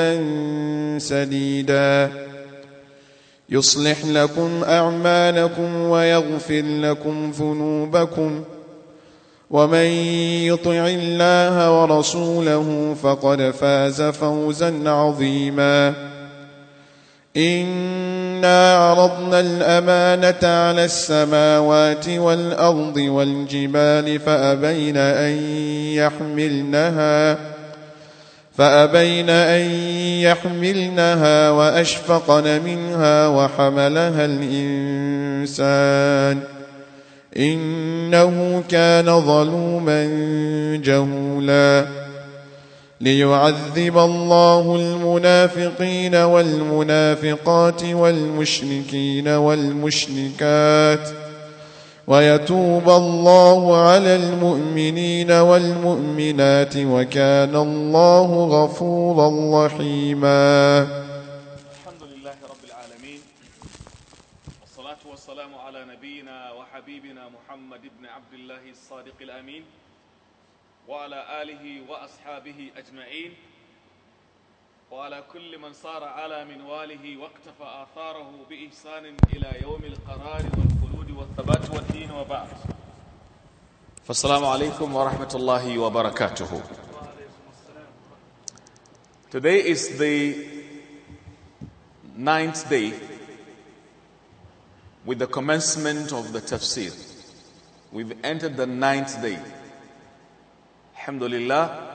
قولا سديدا يصلح لكم اعمالكم ويغفر لكم ذنوبكم ومن يطع الله ورسوله فقد فاز فوزا عظيما انا عرضنا الامانه على السماوات والارض والجبال فابين ان يحملنها فأبين أن يحملنها وأشفقن منها وحملها الإنسان إنه كان ظلوما جهولا ليعذب الله المنافقين والمنافقات والمشركين والمشركات ۖ ويتوب الله على المؤمنين والمؤمنات وكان الله غفورا رحيما الحمد لله رب العالمين والصلاة والسلام على نبينا وحبيبنا محمد بن عبد الله الصادق الأمين وعلى آله وأصحابه أجمعين وعلى كل من صار على منواله واقتفى آثاره بإحسان إلى يوم القرار والخلود والثبات والدين وبعد فالسلام عليكم ورحمة الله وبركاته Today is the ninth day with the commencement of the tafsir. We've entered the ninth day. Alhamdulillah.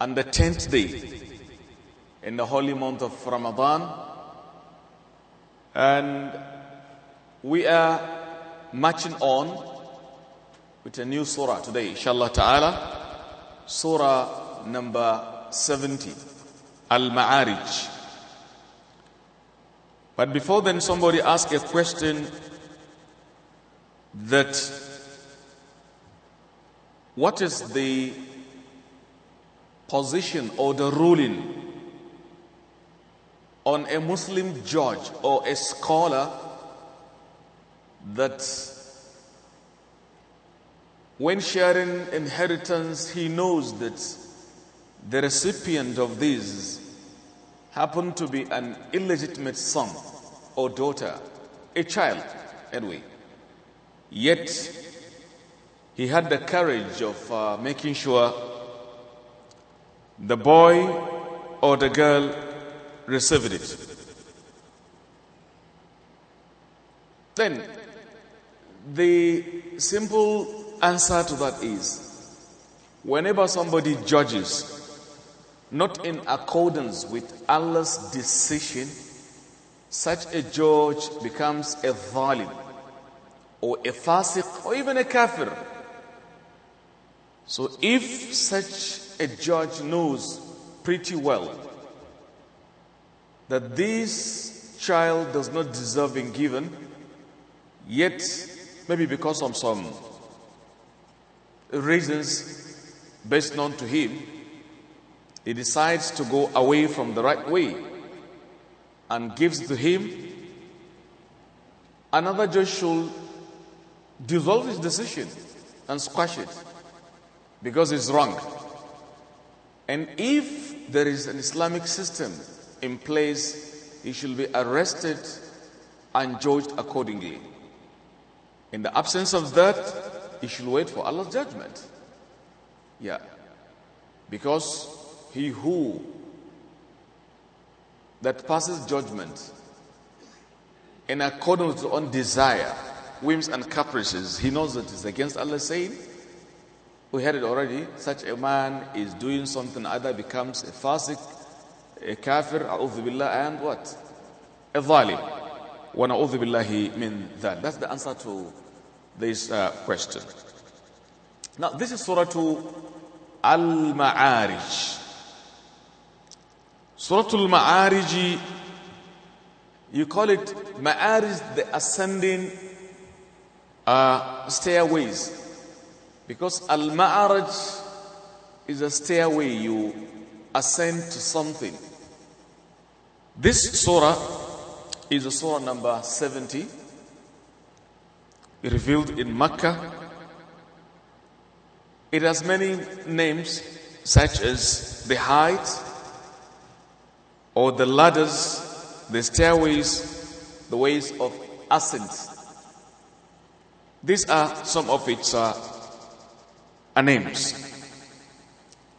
And the tenth day in the holy month of Ramadan. And we are marching on with a new surah today, inshallah ta'ala. Surah number 70, Al Ma'arij. But before then, somebody asked a question that what is the position or the ruling on a Muslim judge or a scholar that when sharing inheritance, he knows that the recipient of these happened to be an illegitimate son or daughter, a child, anyway. Yet, he had the courage of uh, making sure the boy or the girl received it. Then, the simple answer to that is whenever somebody judges not in accordance with Allah's decision, such a judge becomes a zalim or a fasiq or even a kafir. So if such a judge knows pretty well that this child does not deserve being given, yet, maybe because of some reasons best known to him, he decides to go away from the right way and gives to him another judge should dissolve his decision and squash it because it's wrong. And if there is an Islamic system in place, he shall be arrested and judged accordingly. In the absence of that, he should wait for Allah's judgment. Yeah. Because he who that passes judgment in accordance with his own desire, whims and caprices, he knows that it's against Allah's saying. We heard it already. Such a man is doing something, either becomes a fasik a kafir, a'udhu billah, and what? A zalim. Wa na'udhu billahi min that. That's the answer to this uh, question. Now, this is Surah Al-Ma'arij. Surah Al-Ma'arij, you call it Ma'arij, the ascending uh, stairways. Because Al-Ma'arij is a stairway you ascend to something. This surah is a surah number 70, revealed in Mecca. It has many names, such as the height, or the ladders, the stairways, the ways of ascent. These are some of its uh, names.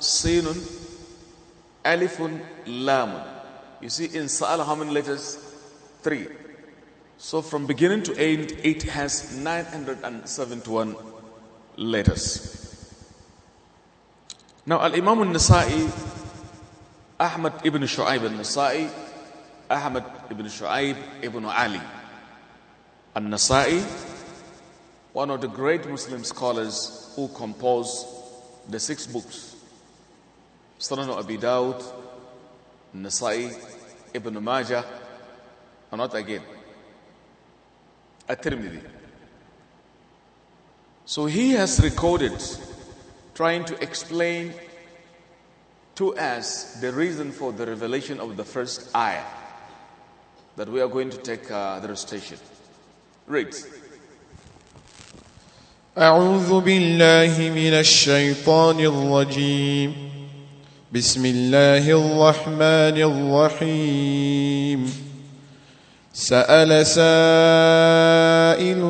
sinun, alifun, lamun. You see, in Sa'al, how many letters? Three. So from beginning to end, it has 971 letters. Now, Al Imam al Nasa'i, Ahmad ibn Shu'aib al Nasa'i, Ahmad ibn Shu'aib ibn Ali al Nasa'i, one of the great Muslim scholars who composed the six books Sunan Abi Dawud, Nasai, Ibn Majah, and not again. At-Tirmidhi. So he has recorded trying to explain to us the reason for the revelation of the first ayah that we are going to take uh, the recitation. Read. أعوذ بالله من الشيطان الرجيم بسم الله الرحمن الرحيم سأل سائل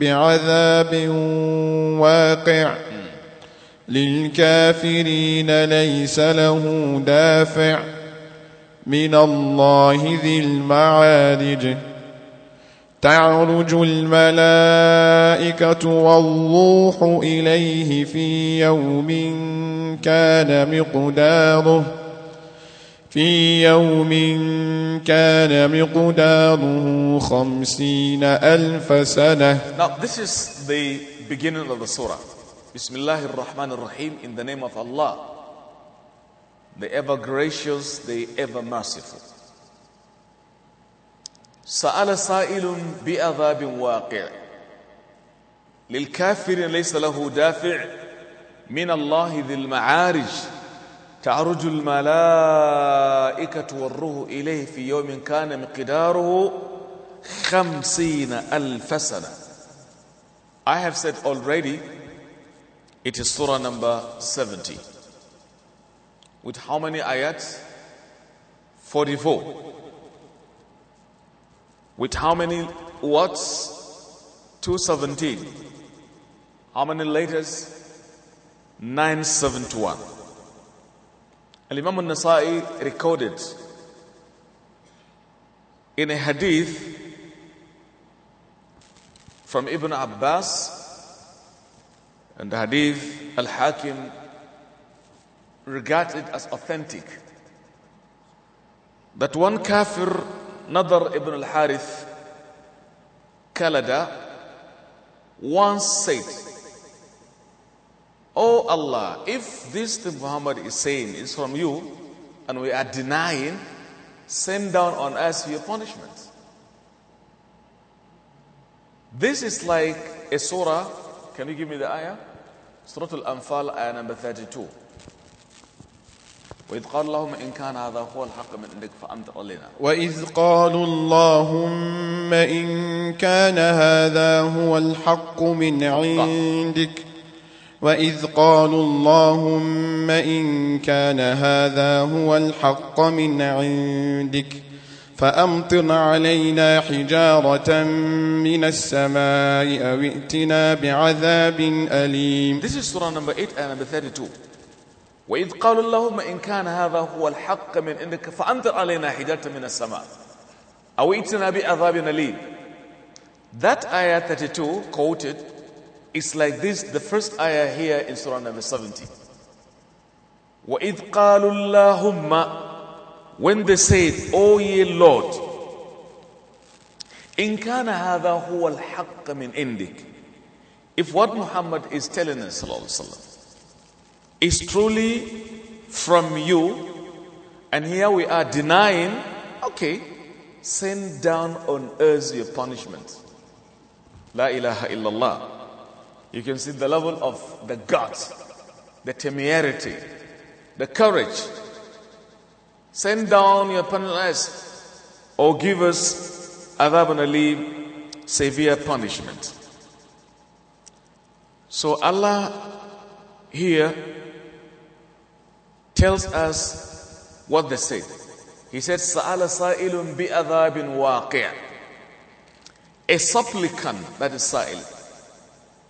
بعذاب واقع للكافرين ليس له دافع من الله ذي المعارج تعرج الملائكة والروح إليه في يوم كان مقداره في يوم كان مقداره خمسين ألف سنة Now this is the beginning of the surah بسم الله الرحمن الرحيم in the name of Allah the ever gracious the ever merciful سأل سائل بأذاب واقع للكافر ليس له دافع من الله ذي المعارج تعرج الملائكة والروح إليه في يوم كان مقداره خمسين ألف سنة I have said already it is surah number 70 with how many ayats 44 With how many words? 217. How many letters? 971. Al Imam al Nasa'i recorded in a hadith from Ibn Abbas and the hadith Al Hakim regarded as authentic that one kafir Nadar ibn al Harith Kalada once said, O oh Allah, if this thing Muhammad is saying is from you and we are denying, send down on us your punishment. This is like a surah. Can you give me the ayah? Surah Al Anfal, ayah number 32. وإذ قال اللهم إن كان هذا هو الحق من عندك فأمطر علينا وإذ قالوا اللهم إن كان هذا هو الحق من عندك وإذ قالوا اللهم إن كان هذا هو الحق من عندك فأمطر علينا حجارة من السماء أو ائتنا بعذاب أليم This is Surah number 8 and number 32 وإذ قالوا اللهم إن كان هذا هو الحق من عندك فأنزل علينا حجارة من السماء أو ائتنا بعذاب أليم That ayah 32 quoted is like this, the first ayah here in Surah number 70. وَإِذْ قَالُوا اللَّهُمَّ When they said, O ye Lord, إِن كَانَ هَذَا هُوَ الْحَقَّ مِنْ إِنْدِكَ If what Muhammad is telling us, sallallahu alayhi wa sallam, is truly from you, and here we are denying, okay, send down on us your punishment. La ilaha illallah. You can see the level of the guts, the temerity, the courage. Send down your punishment or give us adab and severe punishment. So Allah here tells us what they said. He said, Sa'ala sa'ilun bi'adhabin waqi' A supplicant, that is sa'il.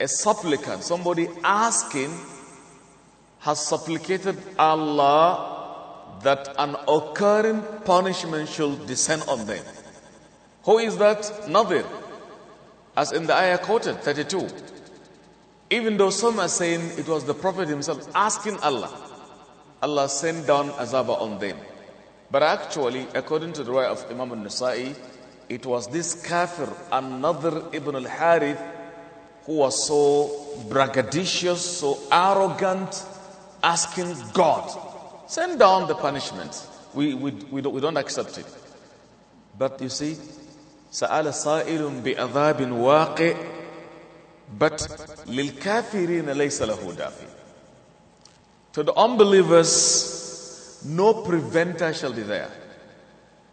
A supplicant, somebody asking, has supplicated Allah that an occurring punishment should descend on them. Who is that? Nadir. As in the ayah quoted, 32. Even though some are saying it was the Prophet himself asking Allah. Allah sent down azaba on them. But actually, according to the way of Imam al-Nasa'i, it was this kafir, another Ibn al-Harith, who was so braggadocious, so arrogant, asking God, send down the punishment. We, we, we, don't, we don't accept it. But you see, سأل صائل بأذاب واقع but للكافرين ليس له دافع to the unbelievers, no preventer shall be there.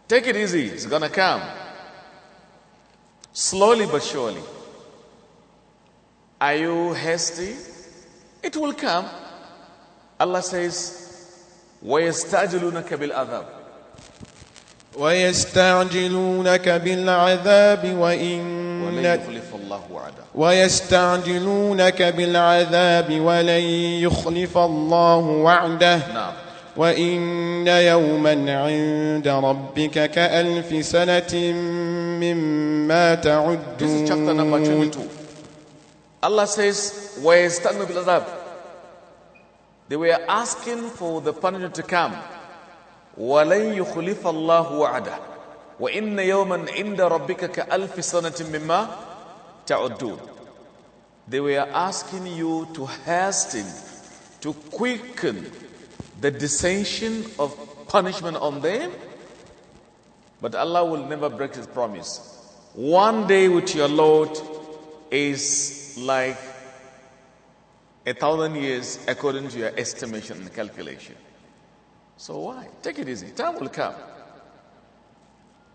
Take it easy, it's gonna come. Slowly but surely. Are you hasty? It will come. Allah says, kabil adab. ويستعجلونك بالعذاب وإن يخلف الله وعده ويستعجلونك بالعذاب ولن يخلف الله وعده نعم وإن يوما عند ربك كألف سنة مما تعدون Allah says ويستعجلونك بالعذاب They were asking for the punishment to come وَلَنْ يُخْلِفَ اللَّهُ وَعْدَهُ وَإِنَّ يَوْمًا عِنْدَ رَبِّكَ كَأَلْفِ سَنَةٍ مِمَّا تَعُدُّونَ They were asking you to hasten, to quicken the descension of punishment on them. But Allah will never break His promise. One day with your Lord is like a thousand years according to your estimation and calculation. So why? Take it easy. Time will come.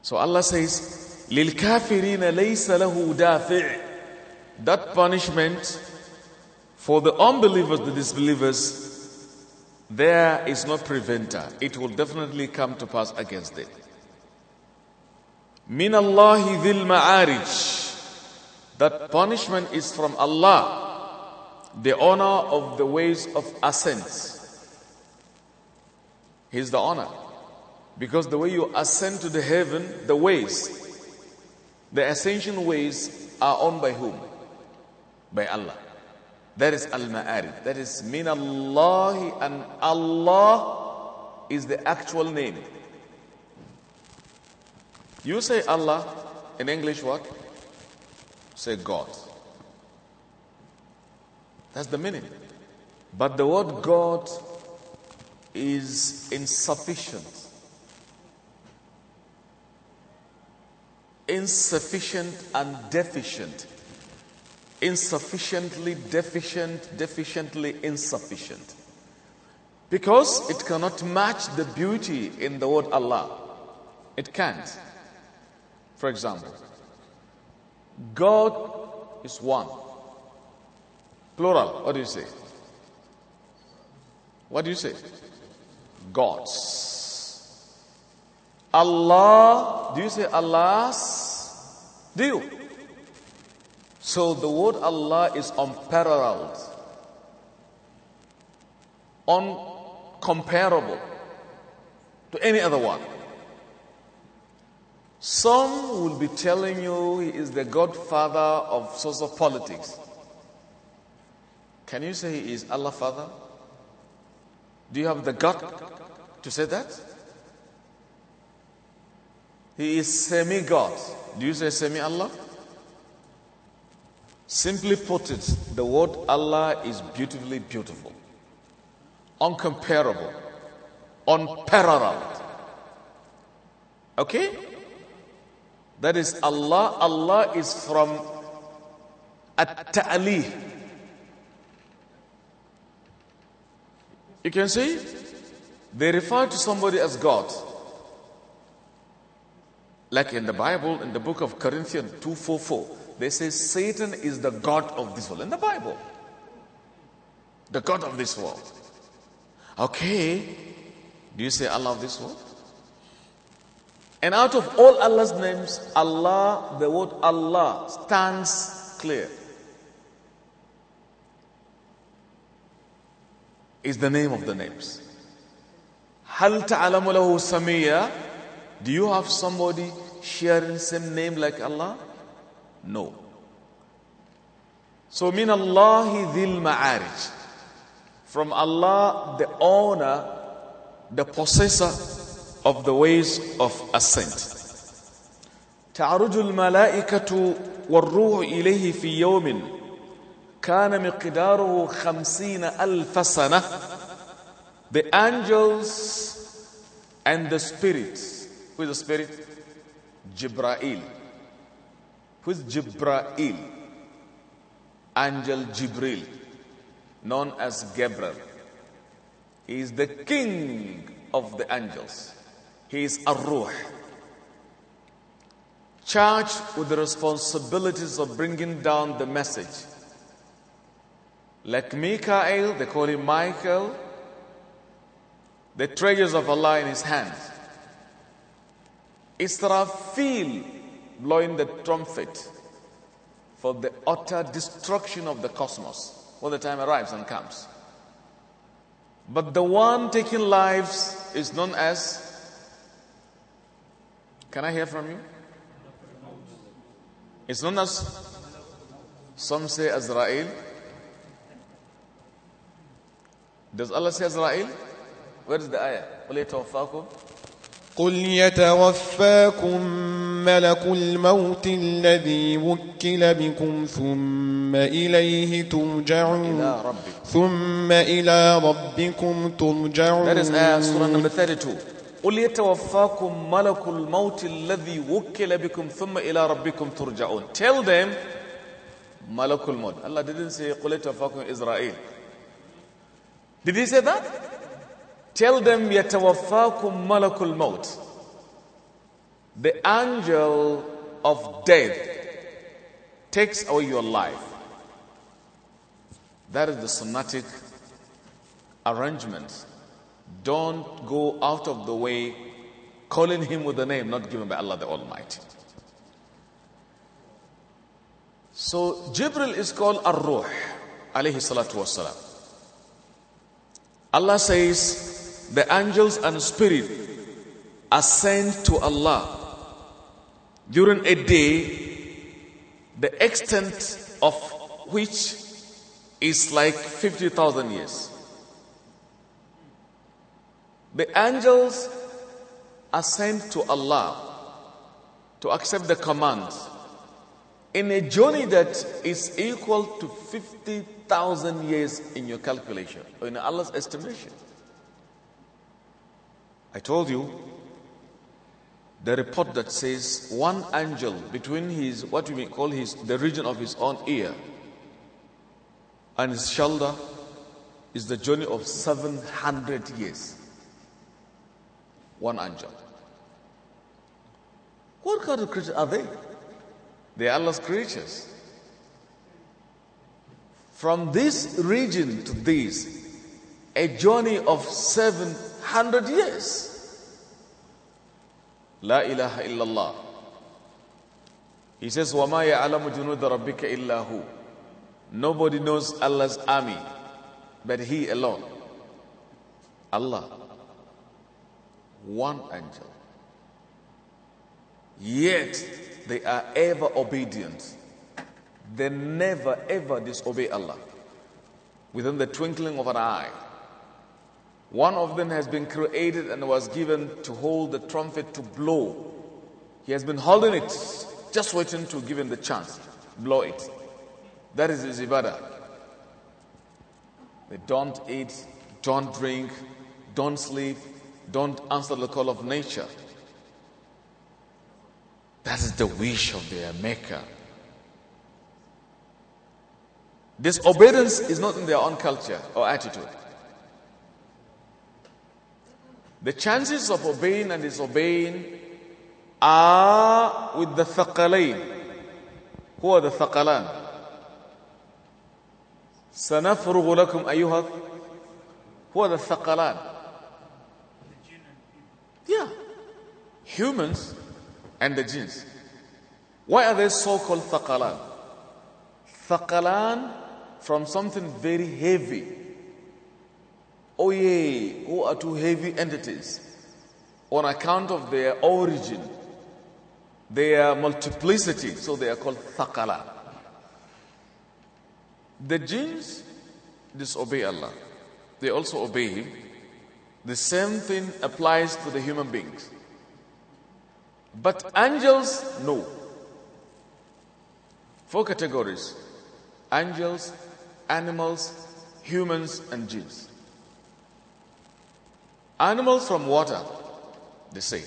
So Allah says, لِلْكَافِرِينَ لَيْسَ لَهُ دَافِعٍ That punishment for the unbelievers, the disbelievers, there is no preventer. It will definitely come to pass against them. مِنَ اللَّهِ ذِي الْمَعَارِجِ That punishment is from Allah, the Owner of the ways of ascent. He's the honor. Because the way you ascend to the heaven, the ways, the ascension ways are owned by whom? By Allah. That is Al Ma'arif. That is Min Allah, and Allah is the actual name. You say Allah, in English, what? Say God. That's the meaning. But the word God is insufficient. Insufficient and deficient. Insufficiently deficient, deficiently insufficient. Because it cannot match the beauty in the word Allah. It can't. For example, God is one. Plural, what do you say? What do you say? gods. Allah, do you say Allah's? Do you? So the word Allah is unparalleled, uncomparable to any other one. Some will be telling you he is the godfather of social politics. Can you say he is Allah Father? Do you have the gut to say that? He is semi God. Do you say semi Allah? Simply put it, the word Allah is beautifully beautiful, uncomparable, unparalleled. Okay? That is Allah. Allah is from at-ta'lih. You can see they refer to somebody as God. Like in the Bible, in the book of Corinthians 2.4.4, they say Satan is the God of this world. In the Bible, the God of this world. Okay, do you say Allah of this world? And out of all Allah's names, Allah, the word Allah stands clear. is the name of the names. Hal ta'alamu lahu Do you have somebody sharing same name like Allah? No. So min Allahi dhil ma'arij. From Allah the owner, the possessor of the ways of ascent. تعرج الملائكة والروح إليه في يوم كان مقداره خمسين ألف سنة the angels and the spirits who is the spirit Jibrail who is Jibrail angel Jibril known as Gabriel he is the king of the angels he is Ar-Ruh charged with the responsibilities of bringing down the message like Mikael, they call him Michael, the treasures of Allah in his hands. Israfil blowing the trumpet for the utter destruction of the cosmos when the time arrives and comes. But the one taking lives is known as. Can I hear from you? It's known as. Some say Azrael. Does Allah say Israel? Where is the ayah? قل يتوفاكم قل يتوفاكم ملك الموت الذي وكل بكم ثم إليه ترجعون إلى ربكم. ثم إلى ربكم ترجعون That is ayah surah number 32 قل يتوفاكم ملك الموت الذي وكل بكم ثم إلى ربكم ترجعون Tell them ملك الموت Allah didn't say قل يتوفاكم Israel Did he say that? Tell them, Yatawaffakum Malakul Maut. The angel of death takes away your life. That is the sonatic arrangement. Don't go out of the way calling him with the name not given by Allah the Almighty. So Jibril is called Ar-Ruh alayhi salatu wasalam. Allah says, the angels and spirit ascend to Allah during a day, the extent of which is like 50,000 years. The angels ascend to Allah to accept the commands in a journey that is equal to 50,000 Thousand years in your calculation, or in Allah's estimation. I told you the report that says one angel between his, what we call his, the region of his own ear and his shoulder is the journey of 700 years. One angel. What kind of creatures are they? They are Allah's creatures. From this region to this, a journey of 700 years. La ilaha illallah. He says, وَمَا يَعْلَمُ جُنُودَ رَبِّكَ إِلَّا هُوَ Nobody knows Allah's army but He alone. Allah, one angel. Yet they are ever obedient. They never ever disobey Allah within the twinkling of an eye. One of them has been created and was given to hold the trumpet to blow. He has been holding it, just waiting to give him the chance. Blow it. That is his ibadah. They don't eat, don't drink, don't sleep, don't answer the call of nature. That is the wish of their Maker. Disobedience is not in their own culture or attitude. The chances of obeying and disobeying are with the thaqalain. Who are the thaqalan? سنفرغ لكم أيها Who are the thaqalan? Yeah. Humans and the jinns. Why are they so called thaqalan? Thaqalan from something very heavy. Oh, yeah, who are two heavy entities on account of their origin, their multiplicity, so they are called thakala. The jinns disobey Allah, they also obey Him. The same thing applies to the human beings. But angels, no. Four categories angels, animals, humans, and Jews. Animals from water, they say.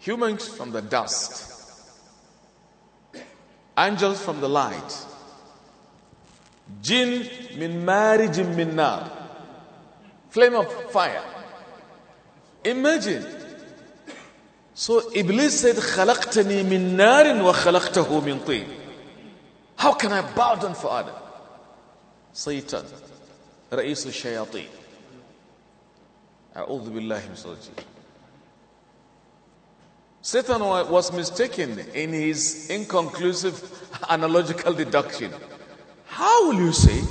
Humans from the dust. Angels from the light. Jinn min marijin min nar. Flame of fire. Imagine. So Iblis said, خلقتني من نار وخلقته من طين. How can I bow down for Adam? Satan, Ra'is al-Shayateen. A'udhu billahi min Satan was mistaken in his inconclusive analogical deduction. How will you say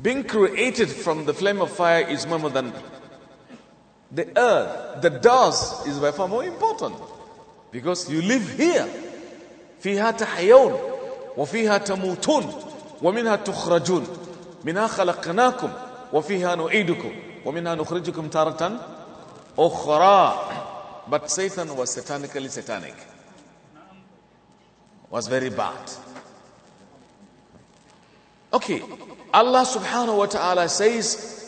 being created from the flame of fire is more than the earth, the dust is by far more important because you live here. فيها تحيون وفيها تموتون ومنها تخرجون منها خلقناكم وفيها نعيدكم ومنها نخرجكم تارة أخرى but Satan was satanically satanic was very bad okay Allah subhanahu wa ta'ala says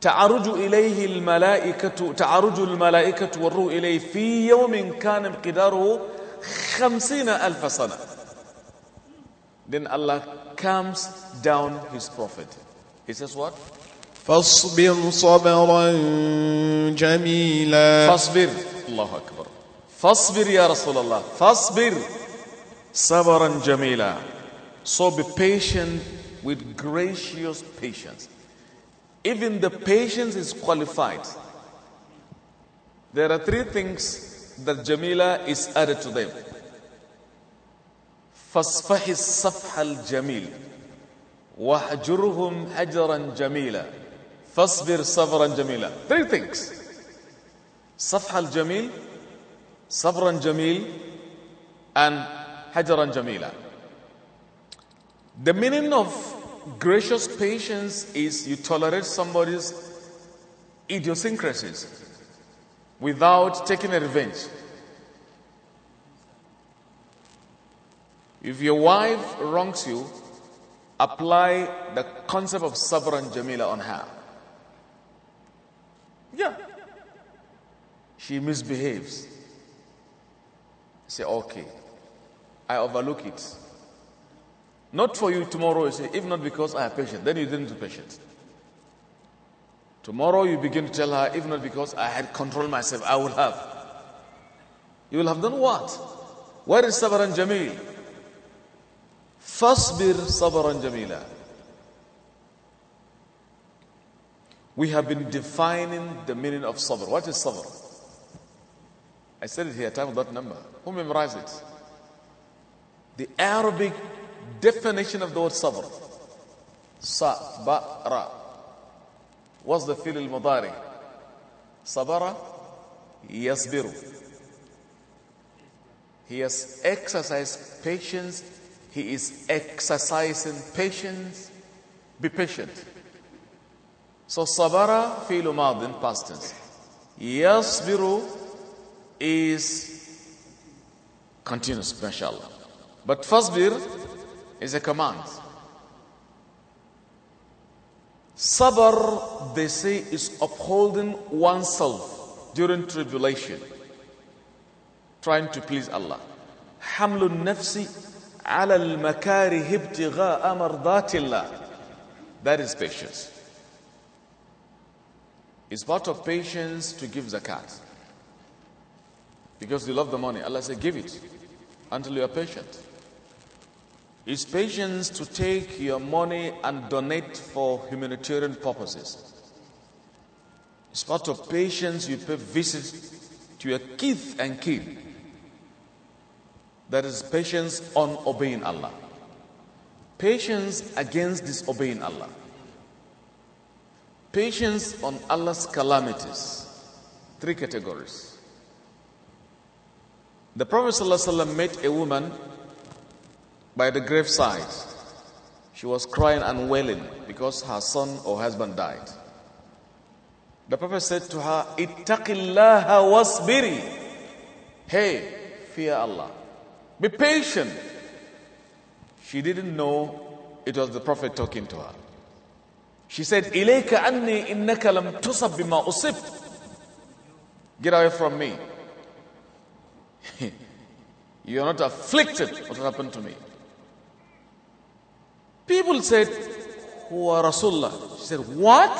تعرج إليه الملائكة تعرج الملائكة والروح إليه في يوم كان مقداره 50,000 ألف then Allah calms down his prophet he says what فاصبر صبرا جميلا فاصبر الله أكبر فاصبر يا رسول الله فاصبر صبرا جميلا so be patient with gracious patience even the patience is qualified there are three things that Jamila is added to them. فاصفح الصفح الجميل واحجرهم حجرا جميلا فاصبر صبرا جميلا three things صفح الجميل صبرا جميل and حجرا جميلا the meaning of gracious patience is you tolerate somebody's idiosyncrasies without taking a revenge. If your wife wrongs you, apply the concept of sovereign jamila on her. Yeah. She misbehaves. Say, okay, I overlook it. Not for you tomorrow, you say, if not because I have patience, then you didn't do patience. Tomorrow you begin to tell her, if not because I had controlled myself, I would have. You will have done what? Where is Sabr and Jamil? Fasbir Sabr and Jamila. We have been defining the meaning of Sabr. What is Sabr? I said it here, time of that number. Who memorized it? The Arabic definition of the word Sabr. Sa-ba-ra. What's the fi'l al-mudari? Sabara, yasbiru. He has exercised patience. He is exercising patience. Be patient. So sabara fi'l mad in past tense. Yasbiru is continuous, mashallah. But fasbir is a command. Sabr, they say, is upholding oneself during tribulation, trying to please Allah. حمل النفس على المكاره ابتغاء مرضات الله. That is patience. It's part of patience to give zakat. Because you love the money. Allah said, give it until you are patient is patience to take your money and donate for humanitarian purposes. It's part of patience you pay visits to your kith and kin. That is patience on obeying Allah. Patience against disobeying Allah. Patience on Allah's calamities. Three categories. The Prophet ﷺ met a woman by the graveside. She was crying and wailing because her son or husband died. The Prophet said to her, Ittaqillaha wasbiri. Hey, fear Allah. Be patient. She didn't know it was the Prophet talking to her. She said, Ilayka anni innaka lam tusab bima usib. Get away from me. you are not afflicted what happened to me. People said, "Who are Rasulullah. She said, What?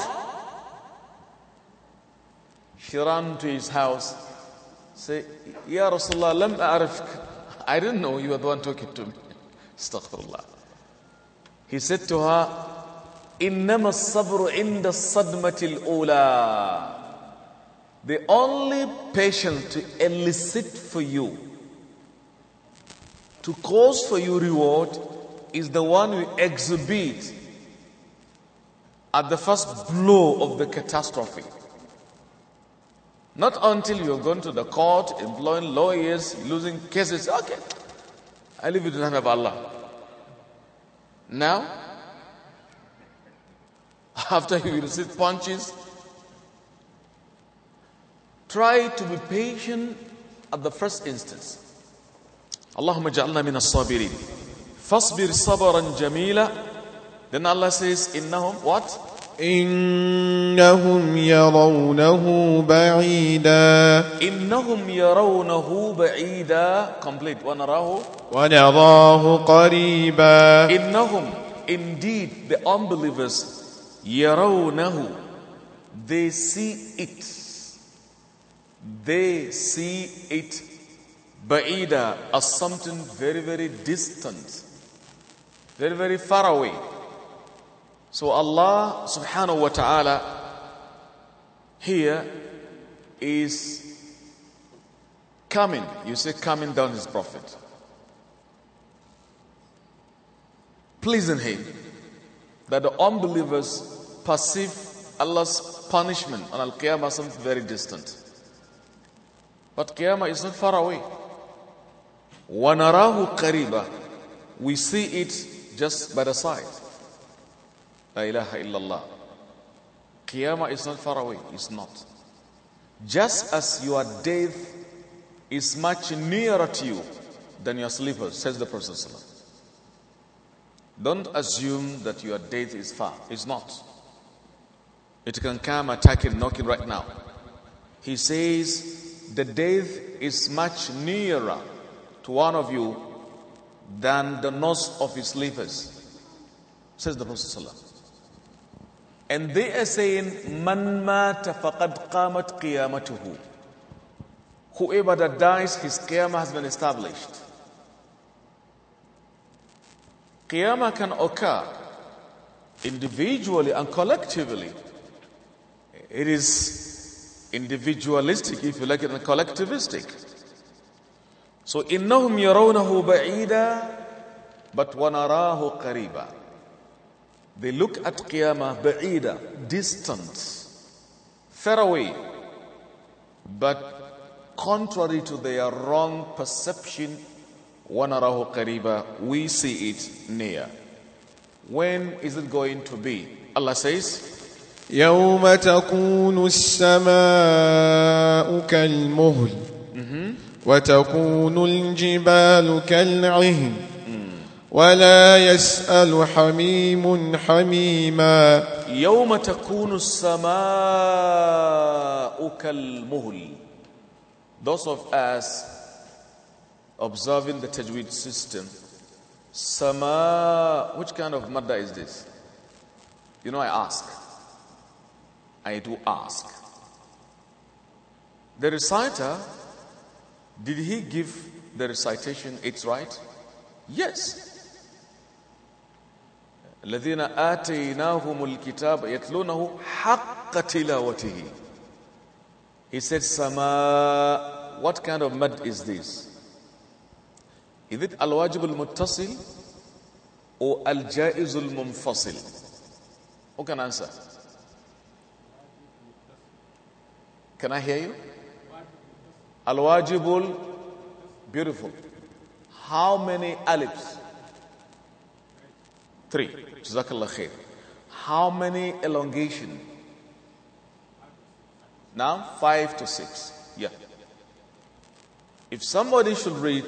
She ran to his house. Say, Ya Rasulullah, lam a'rifk. I didn't know you were the one talking to me. Astaghfirullah. He said to her, إنما الصبر عند الصدمة الأولى The only patience to elicit for you, to cause for you reward is the one we exhibit at the first blow of the catastrophe. Not until you're going to the court, employing lawyers, losing cases. Okay, I leave it in the hand of Allah. Now, after you receive punches, try to be patient at the first instance. Allahumma ja'alna min as فاصبر صبرا جميلا Then Allah says, Innahum, what? إنهم يرونه بعيدا إنهم يرونه بعيدا complete ونراه ونراه قريبا إنهم indeed the unbelievers يرونه they see it they see it بعيدا as something very very distant very, very far away. So Allah subhanahu wa ta'ala here is coming. You say coming down his prophet. Pleasing him that the unbelievers perceive Allah's punishment on Al Qiyamah something very distant. But Qiyamah is not far away. We see it just by the side. La ilaha illallah. Qiyamah is not far away. It's not. Just as your death is much nearer to you than your sleepers, says the Prophet. Don't assume that your death is far. It's not. It can come attacking, knocking right now. He says, The death is much nearer to one of you than the nose of his slippers, says the Prophet. And they are saying, Man mata faqad qamat qiyamatuhu. Whoever that dies, his qiyamah has been established. Qiyamah can occur individually and collectively. It is individualistic, if you like, it, and collectivistic. So إنهم يرونه بعيدا but ونراه قريبا They look at Qiyamah بعيدا distant far away but contrary to their wrong perception ونراه قريبا we see it near when is it going to be Allah says يوم تكون السماء كالمهل mm-hmm. وتكون الجبال كالعهن ولا يسأل حميم حميما يوم تكون السماء كالمهل Those of us observing the Tajweed system Sama, which kind of murder is this? You know, I ask. I do ask. The reciter Did he give the recitation its right? Yes. الذين آتيناهم الكتاب يتلونه حق تلاوته He said "Sama, What kind of mud is this? Is it الواجب المتصل or الجائز المنفصل? Who can answer? Can I hear you? Al wajibul, beautiful. How many alifs? Three. Jazakallah khair. How many elongation? Now, five to six. Yeah. If somebody should read,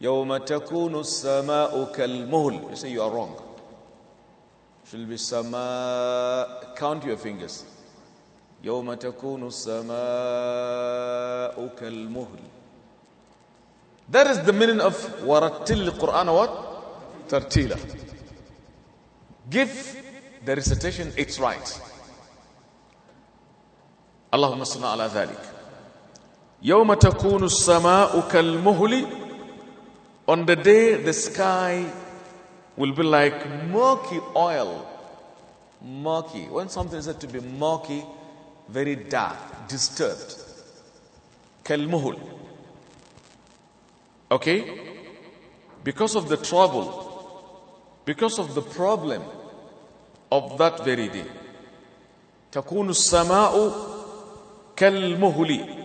يوم تكون السماء كالمهل, you say you are wrong. Should be some. count your fingers. يوم تكون السماء كالمهل That is the meaning of وَرَتِّلِ الْقُرْآنَ what? تَرْتِيلًا Give the recitation its right. اللهم صل على ذلك. يوم تكون السماء كالمهل On the day the sky will be like murky oil. Murky. When something is said to be murky, very dark, disturbed. Kalmuhul. Okay? Because of the trouble, because of the problem of that very day. تكون السماء كالمهل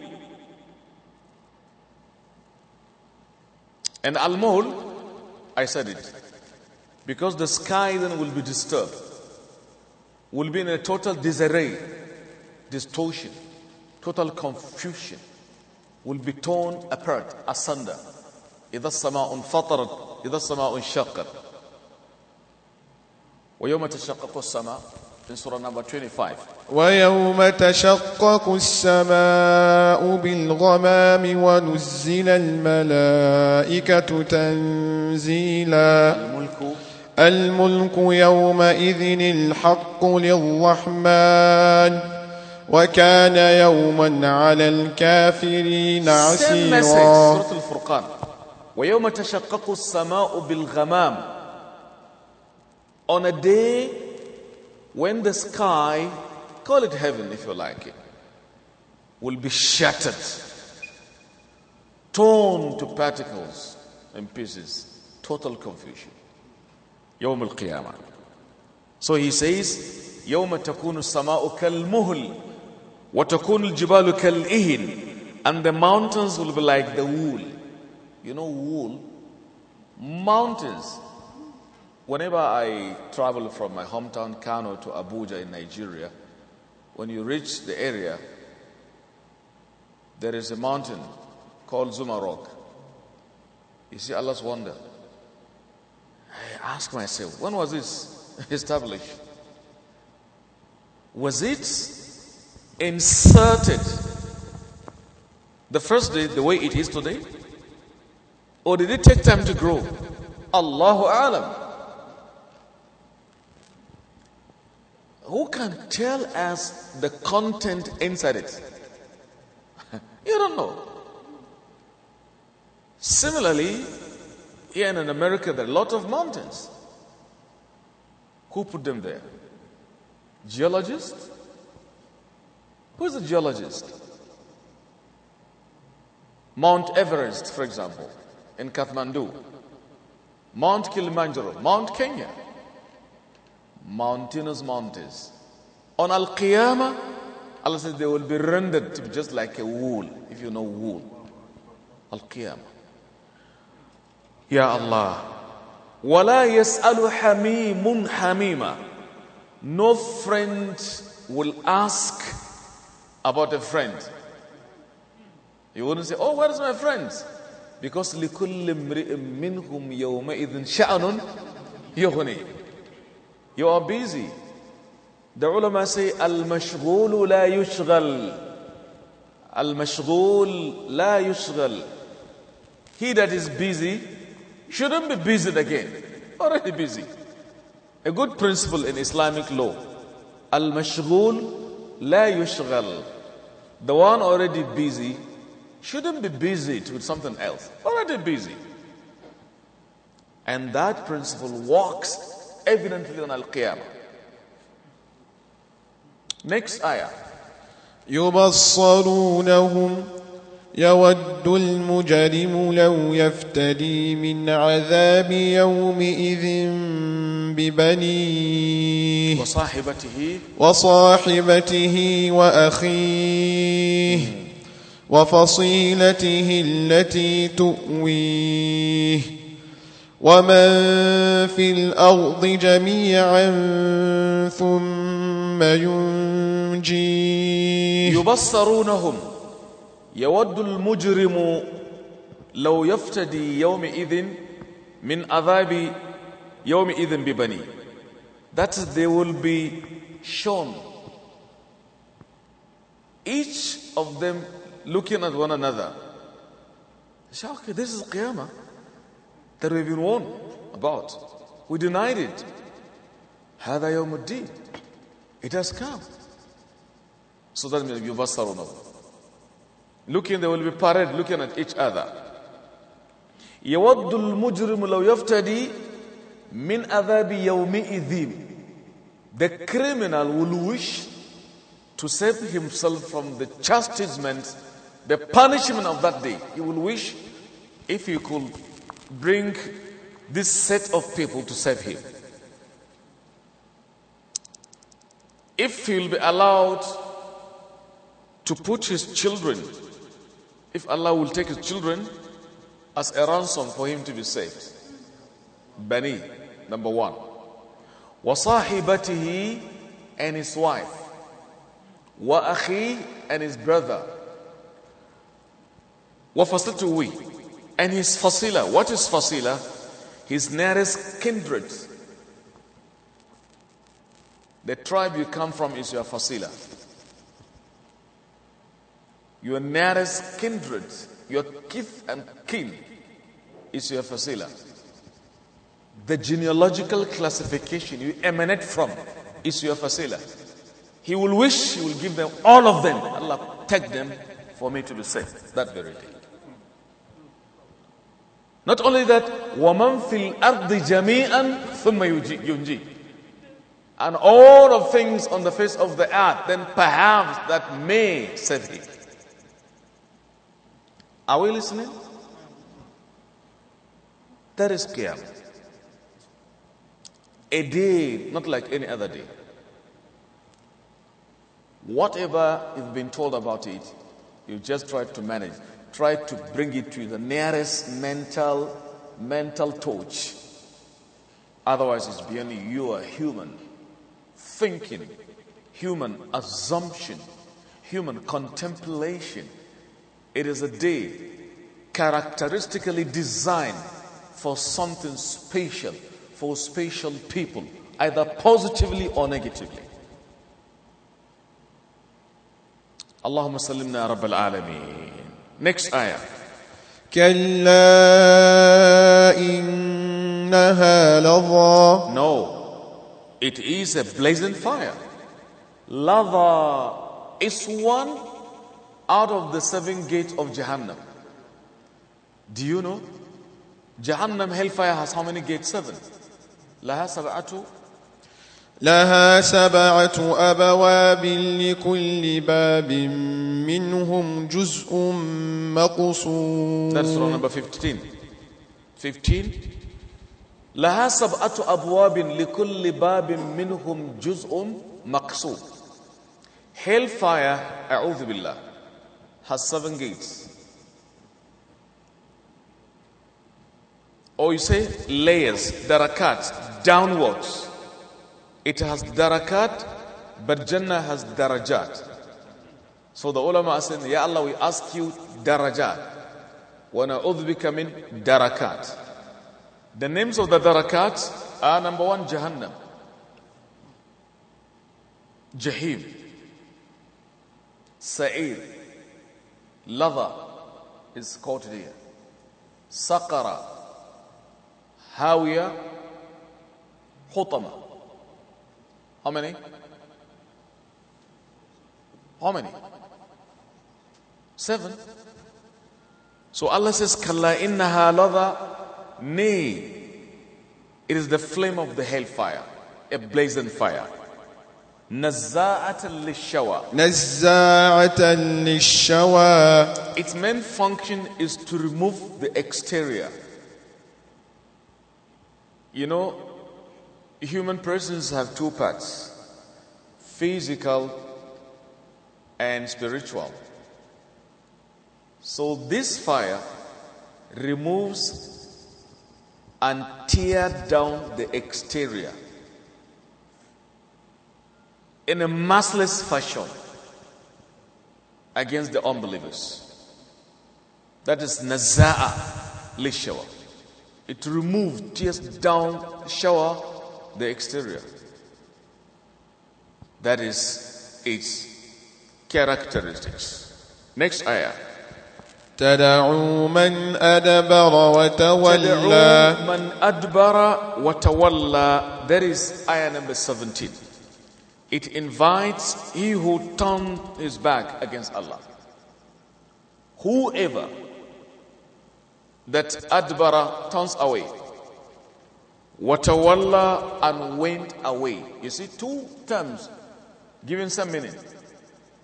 And al I said it, because the sky then will be disturbed, will be in a total disarray. distortion, total confusion will be torn apart, asunder. إذا السماء انفطرت إذا السماء انشقت ويوم تشقق السماء في سورة number 25. ويوم تشقق السماء بالغمام ونزل الملائكة تنزيلا الملك الملك يومئذ الحق للرحمن وكان يوما على الكافرين عسيرا سورة الفرقان ويوم تشقق السماء بالغمام on a day when the sky call it heaven if you like it will be shattered torn to particles and pieces total confusion يوم القيامة so he says يوم تكون السماء كالمهل وَتَكُونُ الْجِبَالُ كَالْإِهِنِ And the mountains will be like the wool. You know wool? Mountains. Whenever I travel from my hometown Kano to Abuja in Nigeria, when you reach the area, there is a mountain called Zuma Rock. You see Allah's wonder. I ask myself, when was this established? Was it inserted the first day the way it is today? Or did it take time to grow? Allahu Alam. Who can tell us the content inside it? you don't know. Similarly, here in America, there are a lot of mountains. Who put them there? Geologists? Who's a geologist? Mount Everest, for example, in Kathmandu, Mount Kilimanjaro, Mount Kenya, mountainous mountains. On Al Qiyamah, Allah says they will be rendered to be just like a wool, if you know wool. Al Qiyamah. Ya Allah. وَلَا يَسْأَلُ حَمِيمٌ حَمِيمًا No friend will ask about a friend. You wouldn't say, Oh, where's my friend? Because لِكُلِّ مِّنْهُمْ You are busy. The ulama say, al Mashgul la yushgal." al Mashgul la yushgal. He that is busy shouldn't be busy again. Already busy. A good principle in Islamic law. al Mashgul la yushgal. The one already busy shouldn't be busy with something else, already busy. And that principle works evidently on Al Qiyamah. Next ayah. يود المجرم لو يفتدي من عذاب يومئذ ببنيه وصاحبته وصاحبته وأخيه وفصيلته التي تؤويه ومن في الأرض جميعا ثم ينجيه يبصرونهم يود المجرم لو يفتدي يومئذ من عذاب يومئذ ببني that is they will be shown each of them looking at one another say okay this is qiyamah that we've been warned about we denied it هذا يوم الدين it has come so that means you've asked Looking, they will be parade looking at each other. يود المجرم لو يفتدي من The criminal will wish to save himself from the chastisement, the punishment of that day. He will wish if he could bring this set of people to save him. If he'll be allowed to put his children if Allah will take his children as a ransom for him to be saved. Bani, number one. Wasahibatihi and his wife. Wa akhi and his brother. Wa fasilatuhi and his fasila. What is fasila? His nearest kindred. The tribe you come from is your fasila. Your nearest kindred, your kith and kin is your fasila. The genealogical classification you emanate from is your fasila. He will wish, He will give them all of them. Allah take them for me to be saved that very day. Not only that, وَمَنْ فِي الْأَرْضِ جَمِيعًا ثُمَّ يُنْجِي And all of things on the face of the earth, then perhaps that may save him. Are we listening? That is Qiyam. A day, not like any other day. Whatever is being told about it, you just try to manage. Try to bring it to the nearest mental, mental touch. Otherwise, it's beyond your human thinking, human assumption, human contemplation it is a day characteristically designed for something special, for special people, either positively or negatively. اللهم سلمنا رب alameen next ayah: كلا إنها لظى no it is a blazing fire لظى is one out of the seven gates of Jahannam. Do you know? Jahannam hellfire has how many gates? Seven. لها سبعة لها سبعة أبواب لكل باب منهم جزء مقصود That's row number 15 15 لها سبعة أبواب لكل باب منهم جزء مقصود Hellfire أعوذ بالله has seven gates. Or you say layers, darakat, downwards. It has darakat, but Jannah has darajat. So the ulama are saying, Ya Allah, we ask you darajat. وَنَعُذْ بِكَ مِنْ darakat. The names of the darakat are number one, Jahannam. Jahim. Sa'ir. Lava is quoted here. Saqara, Hawiya, Hutama. How many? How many? Seven. So Allah says, Kalla innaha lada. Nay, it is the flame of the hellfire, a blazing fire. Nazza'atan lishawa. Nazza'atan lishawa. Its main function is to remove the exterior. You know, human persons have two parts physical and spiritual. So this fire removes and tear down the exterior in a merciless fashion against the unbelievers. That is Naza'a Lishawa. It removed, tears down, shower the exterior. That is its characteristics. Next ayah. تدعو من أدبر وتولى تدعو من أدبر وتولى That is ayah number 17. It invites he who turned his back against Allah. Whoever that adbara turns away, watawalla and went away. You see, two terms given some meaning.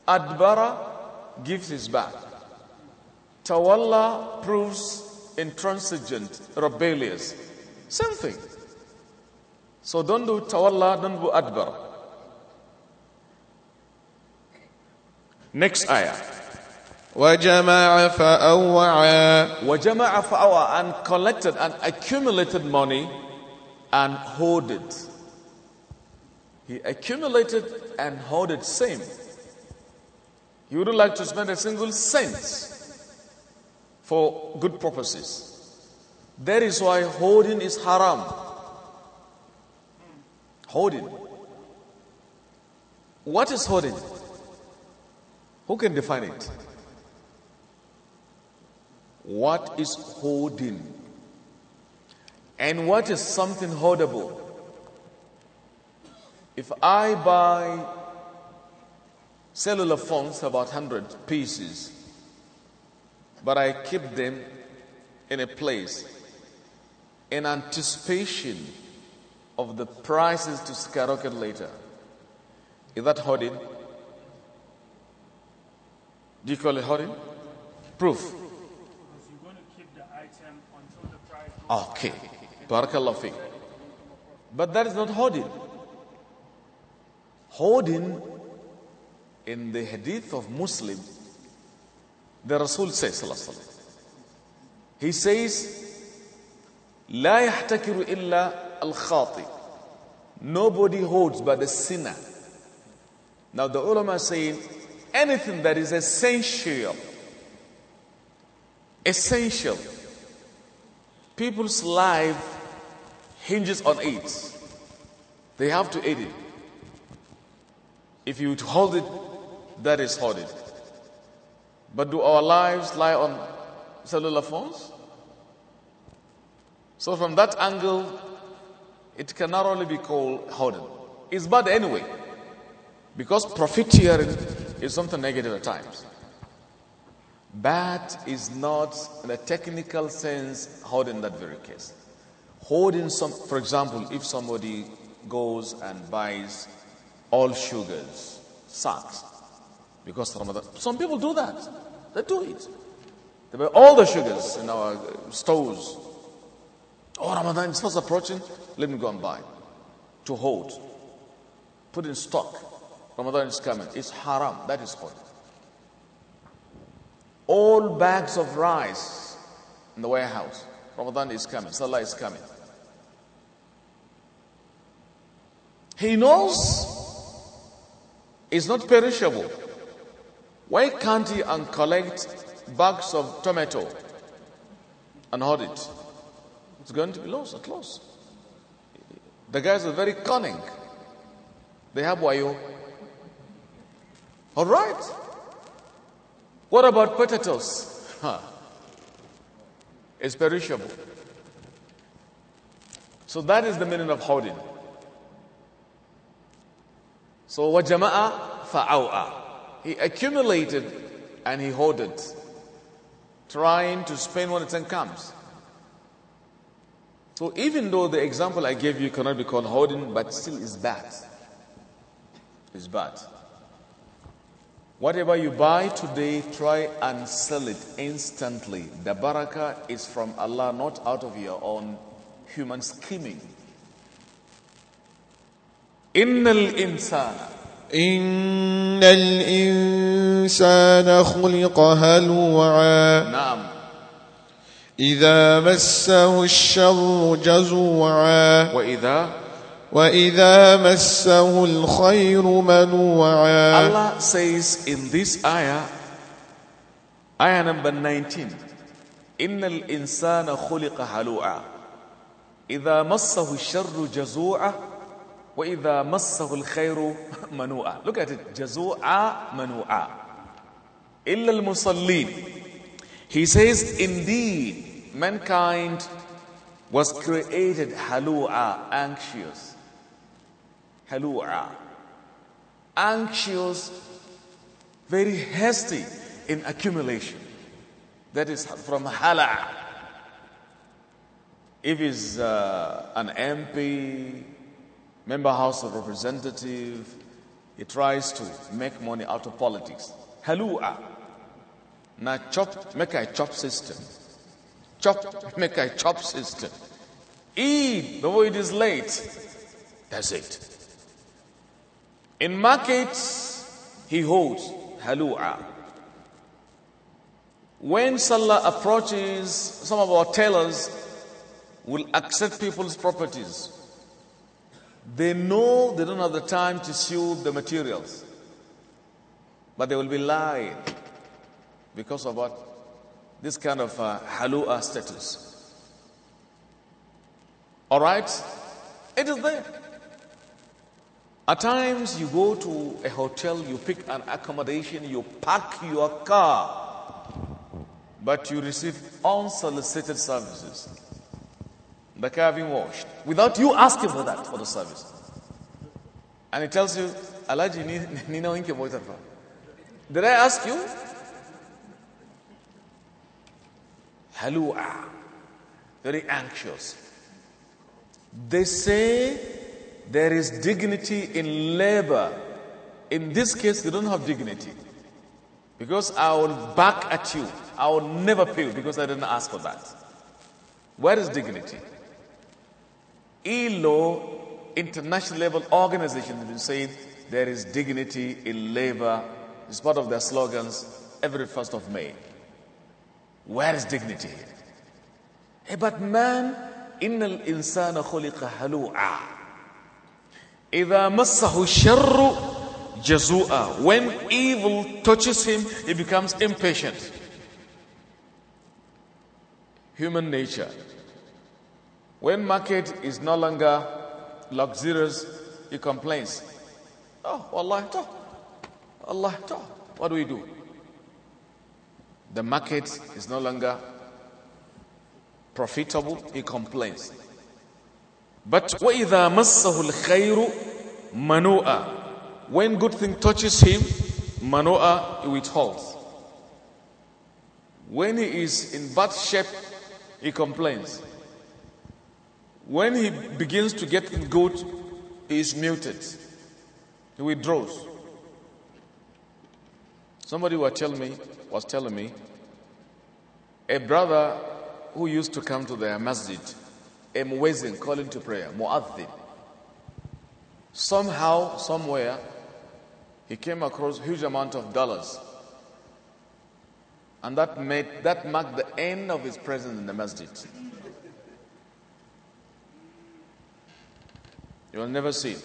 Adbara gives his back. Tawalla proves intransigent, rebellious. Same thing. So don't do tawalla, don't do adbara. Next ayah. وَجَمَعَ فأوعى. وَجَمَعَ فَأَوَّعَ And collected and accumulated money and hoarded. He accumulated and hoarded same. He wouldn't like to spend a single cent for good purposes. That is why hoarding is haram. Hoarding. What is hoarding? Who can define it? What is holding? And what is something holdable? If I buy cellular phones, about 100 pieces, but I keep them in a place in anticipation of the prices to skyrocket later, is that hoarding? Do you call it hoarding? Proof. Okay. Barakallah fiqh. But that is not hoarding. Hoarding in the hadith of Muslim, the Rasul says, he says, لا يحتكر إلا الخاطئ Nobody holds but the sinner. Now the ulama saying anything that is essential. Essential. People's life hinges on it. They have to eat it. If you hold it, that is it. But do our lives lie on cellular phones? So, from that angle, it can not only be called hoarding. It's bad anyway, because profiteering is something negative at times. Bad is not, in a technical sense, holding that very case. Holding some, for example, if somebody goes and buys all sugars, sacks, because Ramadan, some people do that. They do it. They buy all the sugars in our stores. Oh, Ramadan is fast approaching. Let me go and buy. To hold. Put in stock. Ramadan is coming. It's haram. That is called. All bags of rice in the warehouse. Ramadan is coming. Salah is coming. He knows it's not perishable. Why can't he uncollect bags of tomato and hold it? It's going to be lost at loss. The guys are very cunning. They have wayo. All right. What about potatoes? Huh. It's perishable. So that is the meaning of hoarding. So wajama'a fa'awa. He accumulated and he hoarded, trying to spend when the time comes. So even though the example I gave you cannot be called hoarding, but still is bad. It's bad. Whatever you buy today, try and sell it instantly. The barakah is from Allah, not out of your own human scheming. Innal insana. إن الإنسان خلق هلوعا نعم إذا مسه الشر جزوعا وإذا وَإِذَا مَسَّهُ الْخَيْرُ مَنُوعًا Allah says in this ayah, ayah number 19, إِنَّ الْإِنسَانَ خُلِقَ هَلُوعًا إِذَا مَسَّهُ الشَّرُّ جَزُوعًا وَإِذَا مَسَّهُ الْخَيْرُ مَنُوعًا Look at it, جَزُوعًا مَنُوعًا إِلَّا الْمُصَلِّينَ He says, indeed, mankind was created halu'a, anxious. halu'a, anxious, very hasty in accumulation. That is from halaa. If he's uh, an MP, member House of Representative, he tries to make money out of politics. Halua. Now chop, make a chop system. Chop, make a chop system. Eat before it is late. That's it. In markets, he holds halu'a. When Salah approaches, some of our tailors will accept people's properties. They know they don't have the time to sew the materials, but they will be lying because of what? This kind of uh, halu'a status. All right? It is there. At times, you go to a hotel, you pick an accommodation, you park your car, but you receive unsolicited services. The car being washed without you asking for that for the service. And it tells you, Alaji, ni na winke Did I ask you? Hello, ah. Very anxious. They say there is dignity in labor. In this case, they don't have dignity. Because I will back at you. I will never pay you because I didn't ask for that. Where is dignity? ELO international level organization, has been saying there is dignity in labor. It's part of their slogans every 1st of May. Where is dignity? Hey, eh, but man, إن الإنسان خلق halu'a. إذا مسه الشر jazua. When evil touches him, he becomes impatient. Human nature. When market is no longer luxurious, he complains. Oh, Allah, talk. Allah, talk. What do we do? The market is no longer profitable, he complains. But وَإِذَا مَسَّهُ الْخَيْرُ مَنُوءًا When good thing touches him, manoa he withholds. When he is in bad shape, he complains. When he begins to get good, he is muted. He withdraws. Somebody was telling me, was telling me, a brother who used to come to their masjid a muezzin calling to prayer, muaddin. Somehow, somewhere, he came across huge amount of dollars. And that, made, that marked the end of his presence in the masjid. You will never see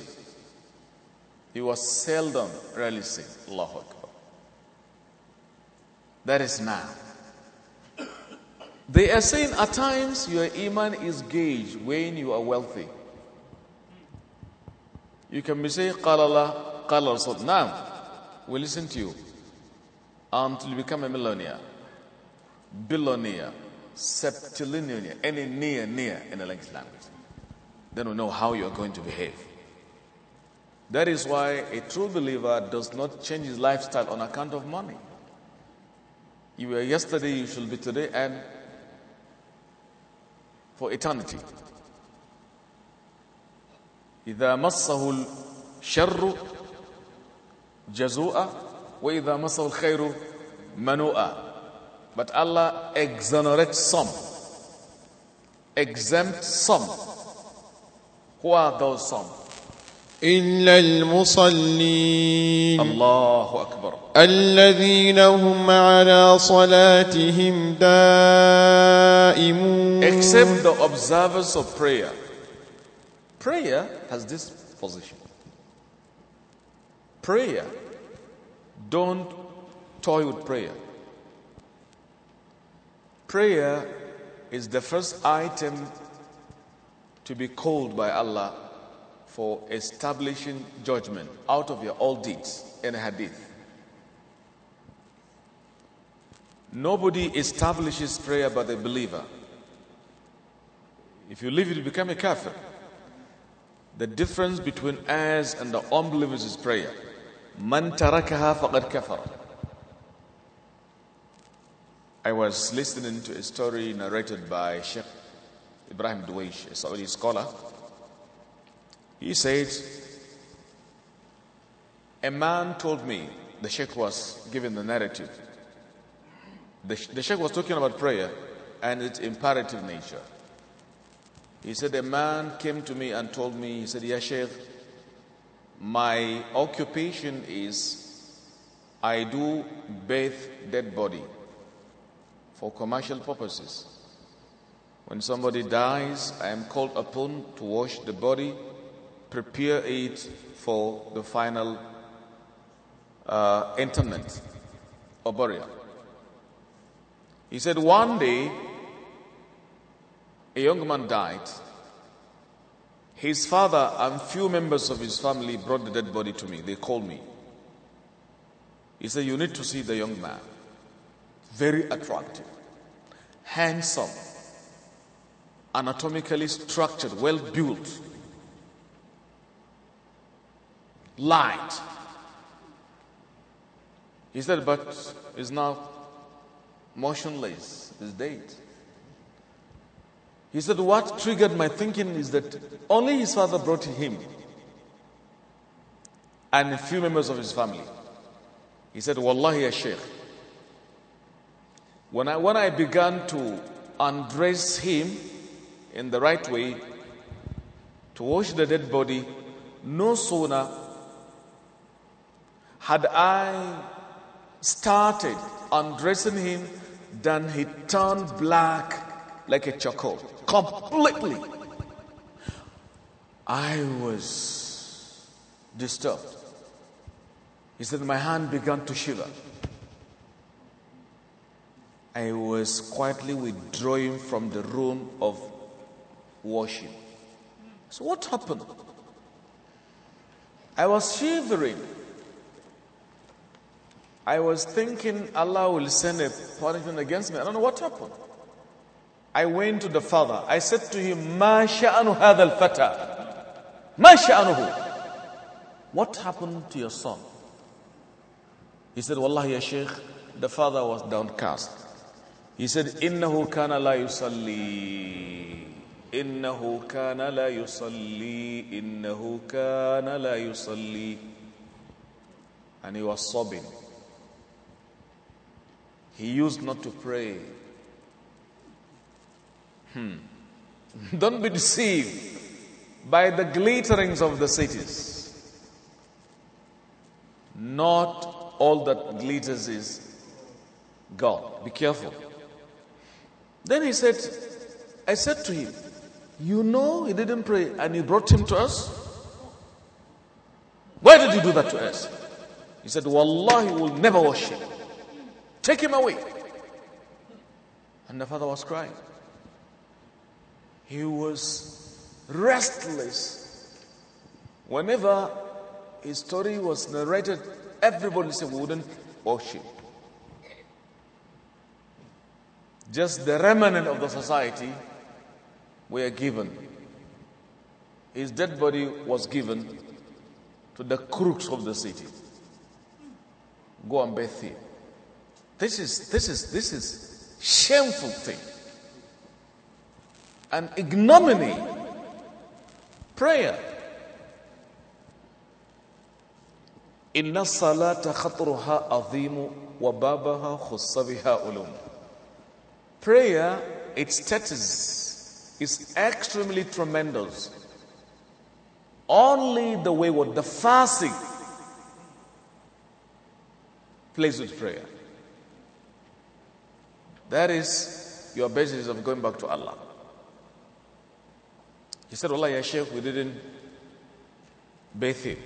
He was seldom really seen. Allahu Akbar. That is now. They are saying at times your iman is gauged when you are wealthy. You can be saying, قال الله, so Now, we listen to you until you become a millionaire, billionaire, septillionaire, any near, near in the language. Then we know how you are going to behave. That is why a true believer does not change his lifestyle on account of money. You were yesterday, you shall be today, and for eternity. إذا مصه الشر جزوء وإذا مصه الخير منوء But Allah exonerates some, exempts some. Who are those some? إلا المصلين الله أكبر الذين هم على صلاتهم دائمون Except the observers of prayer. Prayer has this position. Prayer. Don't toy with prayer. Prayer is the first item to be called by Allah for establishing judgment out of your old deeds and hadith. Nobody establishes prayer but a believer. If you leave it, you become a kafir. The difference between us and the unbelievers is prayer. Man tarakaha faqad kafara. I was listening to a story narrated by Sheikh Ibrahim Duwaish, a Saudi scholar he said, A man told me, the Sheikh was giving the narrative. The, the Sheikh was talking about prayer and its imperative nature. He said, A man came to me and told me, he said, Ya Sheikh, my occupation is I do bathe dead body for commercial purposes. When somebody dies, I am called upon to wash the body prepare it for the final uh, interment or burial. He said, One day, a young man died. His father and few members of his family brought the dead body to me. They called me. He said, You need to see the young man. Very attractive, handsome, anatomically structured, well built light. He said, but is now motionless, is dead. He said, What triggered my thinking is that only his father brought him and a few members of his family. He said, Wallahi, ya Sheikh. When I, when I began to undress him in the right way to wash the dead body, no sooner had I started undressing him, then he turned black like a charcoal, completely. I was disturbed. He said, My hand began to shiver. I was quietly withdrawing from the room of worship. So, what happened? I was shivering. I was thinking Allah will send a punishment against me. I don't know what happened. I went to the father. I said to him, Ma sha'anu hadha al-fata? Ma sha'anuhu? What happened to your son? He said, Wallahi ya Sheikh, the father was downcast. He said, Innahu kana la yusalli. Innahu kana la yusalli. Innahu kana la yusalli. And he was sobbing. He used not to pray. Hmm. Don't be deceived by the glitterings of the cities. Not all that glitters is God. Be careful. Then he said, I said to him, You know he didn't pray and you brought him to us? Why did you do that to us? He said, Wallahi, will never worship. Take him away. And the father was crying. He was restless. Whenever his story was narrated, everybody said, wouldn't worship. Just the remnant of the society were given. His dead body was given to the crooks of the city. Go and bathe him. This is this is this is shameful thing. An ignominy prayer. إن الصلاة خطرها عظيم وبابها خص بها علوم. Prayer, its status is extremely tremendous. Only the wayward, the fasting, plays with prayer. That is your basis of going back to Allah. He said, Allah, ya Sheikh, we didn't bathe him.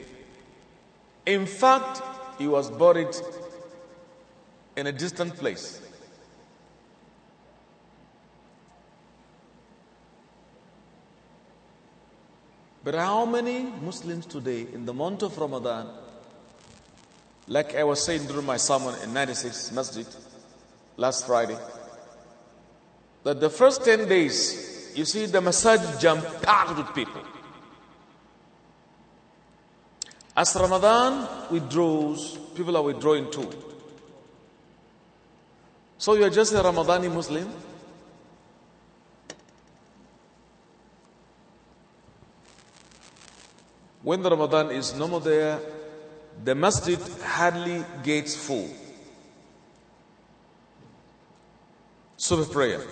In fact, he was buried in a distant place. But how many Muslims today in the month of Ramadan, like I was saying during my sermon in 96 Masjid last Friday, that the first 10 days, you see the Masjid jump packed with people. As Ramadan withdraws, people are withdrawing too. So you're just a Ramadani Muslim? When the Ramadan is no more there, the masjid hardly gets full. Super prayer.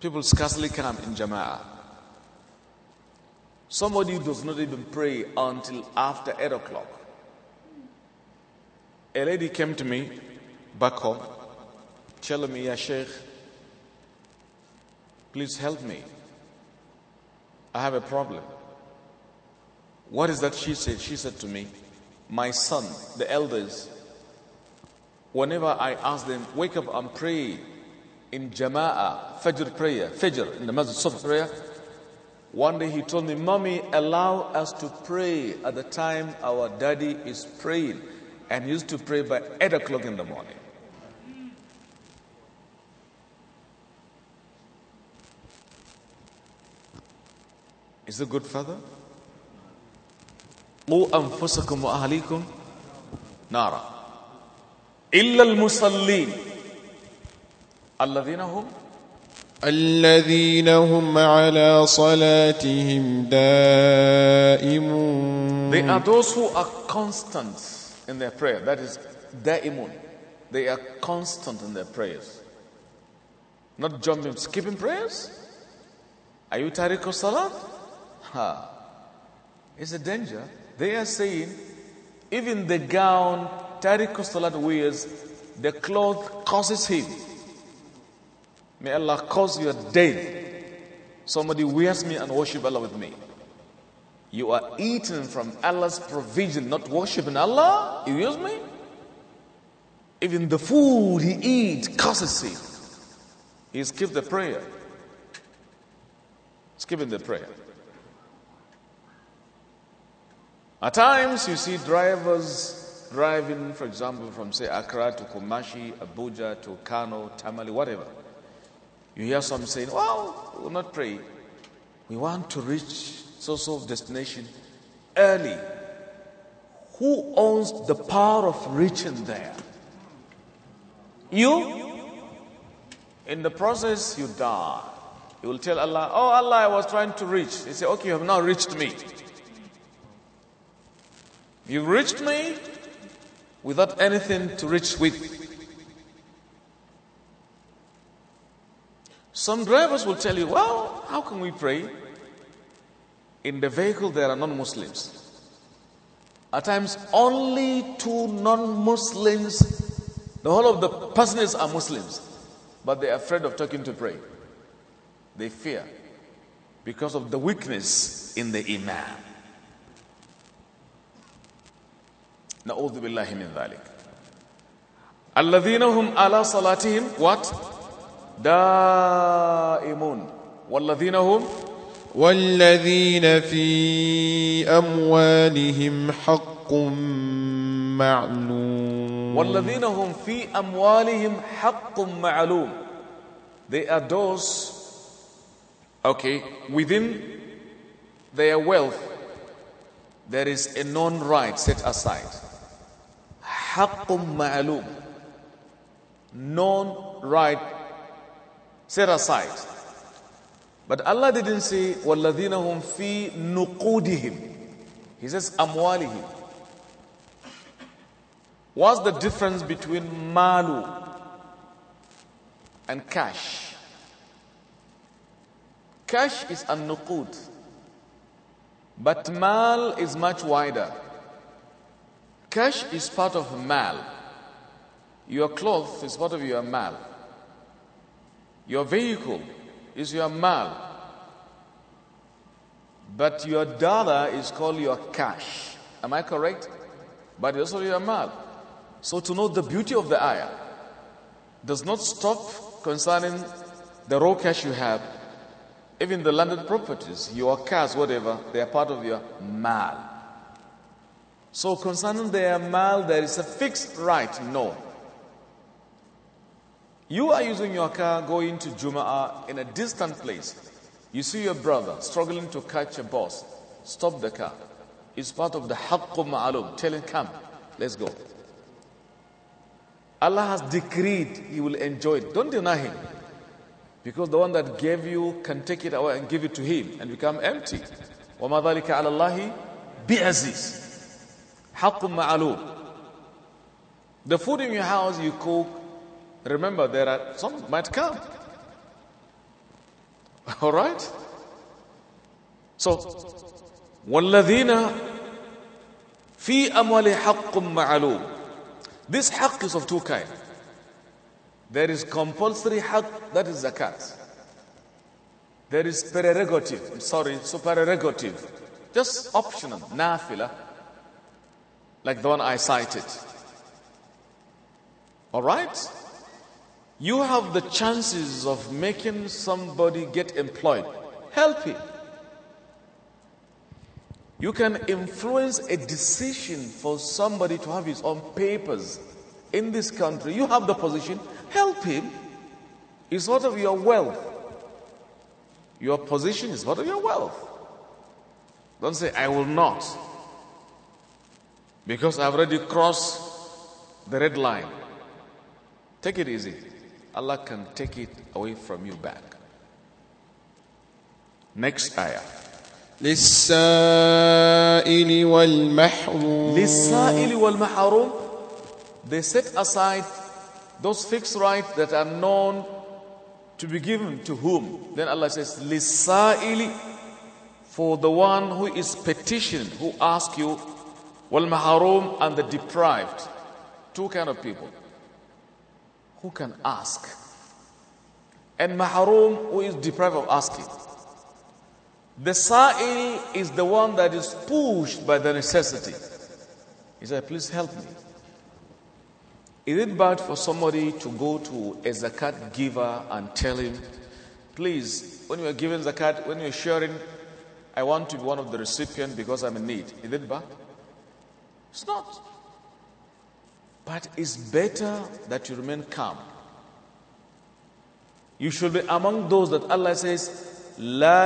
People scarcely come in Jama'ah. Somebody does not even pray until after 8 o'clock. A lady came to me back home telling me, Ya Sheikh, please help me. I have a problem. What is that she said? She said to me, My son, the elders, whenever I ask them, wake up and pray, in Jama'a, Fajr prayer, Fajr in the Masjid Sufa prayer. One day he told me, Mommy, allow us to pray at the time our daddy is praying. And he used to pray by 8 o'clock in the morning. Is it good, Father? قوا أنفسكم وأهليكم نارا إلا المصلين الذين هم الذين هم على صلاتهم دائمون They are those who are constant in their prayer. That is daimun. They are constant in their prayers. Not jumping, skipping prayers. Are you tariq of salat? Ha. It's a danger. They are saying even the gown tariq of salat wears, the cloth causes him. May Allah cause your day. Somebody wears me and worship Allah with me. You are eating from Allah's provision, not worshiping Allah. You use me? Even the food he eats causes him. He skipped the prayer. Skipping the prayer. At times, you see drivers driving, for example, from say Accra to Kumashi, Abuja to Kano, Tamale, whatever. You hear some saying, well, we'll not pray. We want to reach social destination early. Who owns the power of reaching there? You? In the process, you die. You will tell Allah, Oh Allah, I was trying to reach. He said, Okay, you have now reached me. You reached me without anything to reach with. Some drivers will tell you, well, how can we pray? In the vehicle, there are non Muslims. At times, only two non Muslims, the whole of the passengers are Muslims, but they're afraid of talking to pray. They fear because of the weakness in the Imam. نعوذ بالله من ذلك الذين هم على صلاتهم what دائمون والذين هم والذين في أموالهم حق معلوم والذين هم في أموالهم حق معلوم They are those okay within their wealth there is a known right set aside حق معلوم known right set aside. But Allah didn't say, waladina هُمْ fi نُقُودِهِمْ He says, أَمْوَالِهِمْ What's the difference between malu and cash? Cash is an nuqud, but mal is much wider. Cash is part of mal. Your cloth is part of your mal. Your vehicle is your mal. But your dollar is called your cash. Am I correct? But it's also your mal. So to know the beauty of the ayah does not stop concerning the raw cash you have, even the landed properties, your cars, whatever, they are part of your mal. So concerning their mal, there is a fixed right, no. You are using your car going to Jum'ah in a distant place. You see your brother struggling to catch a bus. Stop the car. It's part of the haqqu ma'alum. Tell him, come, let's go. Allah has decreed he will enjoy it. Don't deny him. Because the one that gave you can take it away and give it to him and become empty. وَمَا ذَلِكَ عَلَى اللَّهِ بِعَزِيزٍ حَقٌّ مَعْلُومٌ The food in your house you cook Remember, there are some might come. All right? So, وَالَّذِينَ فِي أَمْوَالِ حَقٌّ مَعْلُومٌ This haqq is of two kinds. There is compulsory haqq, that is zakat. There is prerogative, I'm sorry, supererogative. Just optional, nafila, like the one I cited. All right? You have the chances of making somebody get employed. Help him. You can influence a decision for somebody to have his own papers in this country. You have the position, help him. It's part of your wealth. Your position is part of your wealth. Don't say, I will not, because I've already crossed the red line. Take it easy. Allah can take it away from you back. Next ayah. للسائل والمحروم للسائل والمحروم They set aside those fixed rights that are known to be given to whom? Then Allah says, للسائل For the one who is petitioned, who asks you, والمحروم and the deprived. Two kind of people who can ask. And mahrum who is deprived of asking. The sa'il is the one that is pushed by the necessity. He said, please help me. Is it bad for somebody to go to a zakat giver and tell him, please, when you are giving zakat, when you are sharing, I want to be one of the recipients because I'm in need. Is it bad? It's not. But it's better that you remain calm. You should be among those that Allah says, La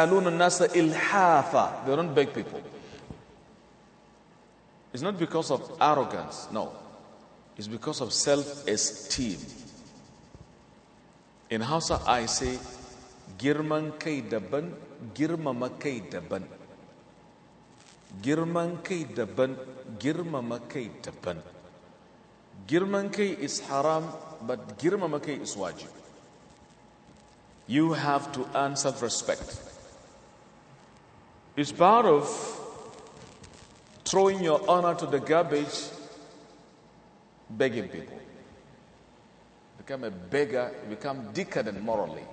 alun nasa ilhafa. They don't beg people. It's not because of arrogance, no. It's because of self-esteem. In Hausa, I say, girman kai daban, girmama kai daban. Girman kai daban, girmama kai Girman kai is haram, but girmama kai is wajib. You have to earn self respect. It's part of throwing your honor to the garbage, begging people. Become a beggar, become decadent morally.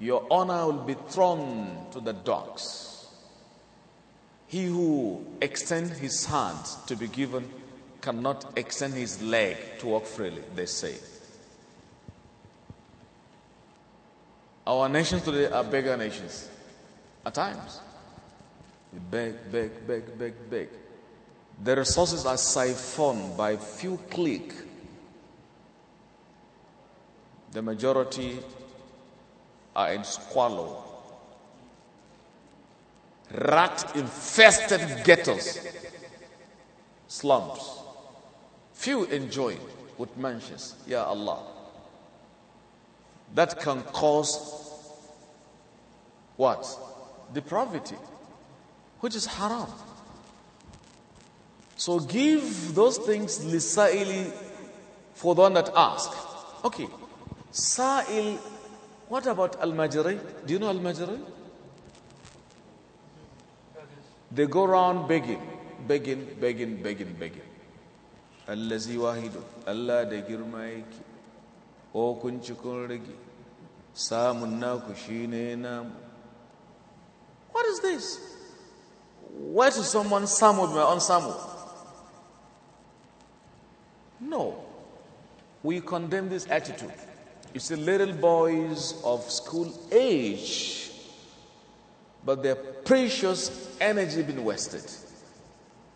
Your honor will be thrown to the dogs. He who extends his hand to be given cannot extend his leg to walk freely, they say. Our nations today are beggar nations at times. We beg, beg, beg, beg, beg. The resources are siphoned by few clique. The majority are in squalor. Rat infested ghettos, slums. Few enjoy with mansions, Ya Allah, that can cause what? Depravity, which is haram. So give those things lisa'ili for the one that ask. Okay, sa'il, what about al-majri? Do you know al-majri? They go around begging, begging, begging, begging, begging allazi wahidu Allah da girma yake ko kun ci kun rage samun naku shine namu what is this why should someone psalm with my own psalm no we condemn this attitude it's a little boys of school age but their precious energy been wasted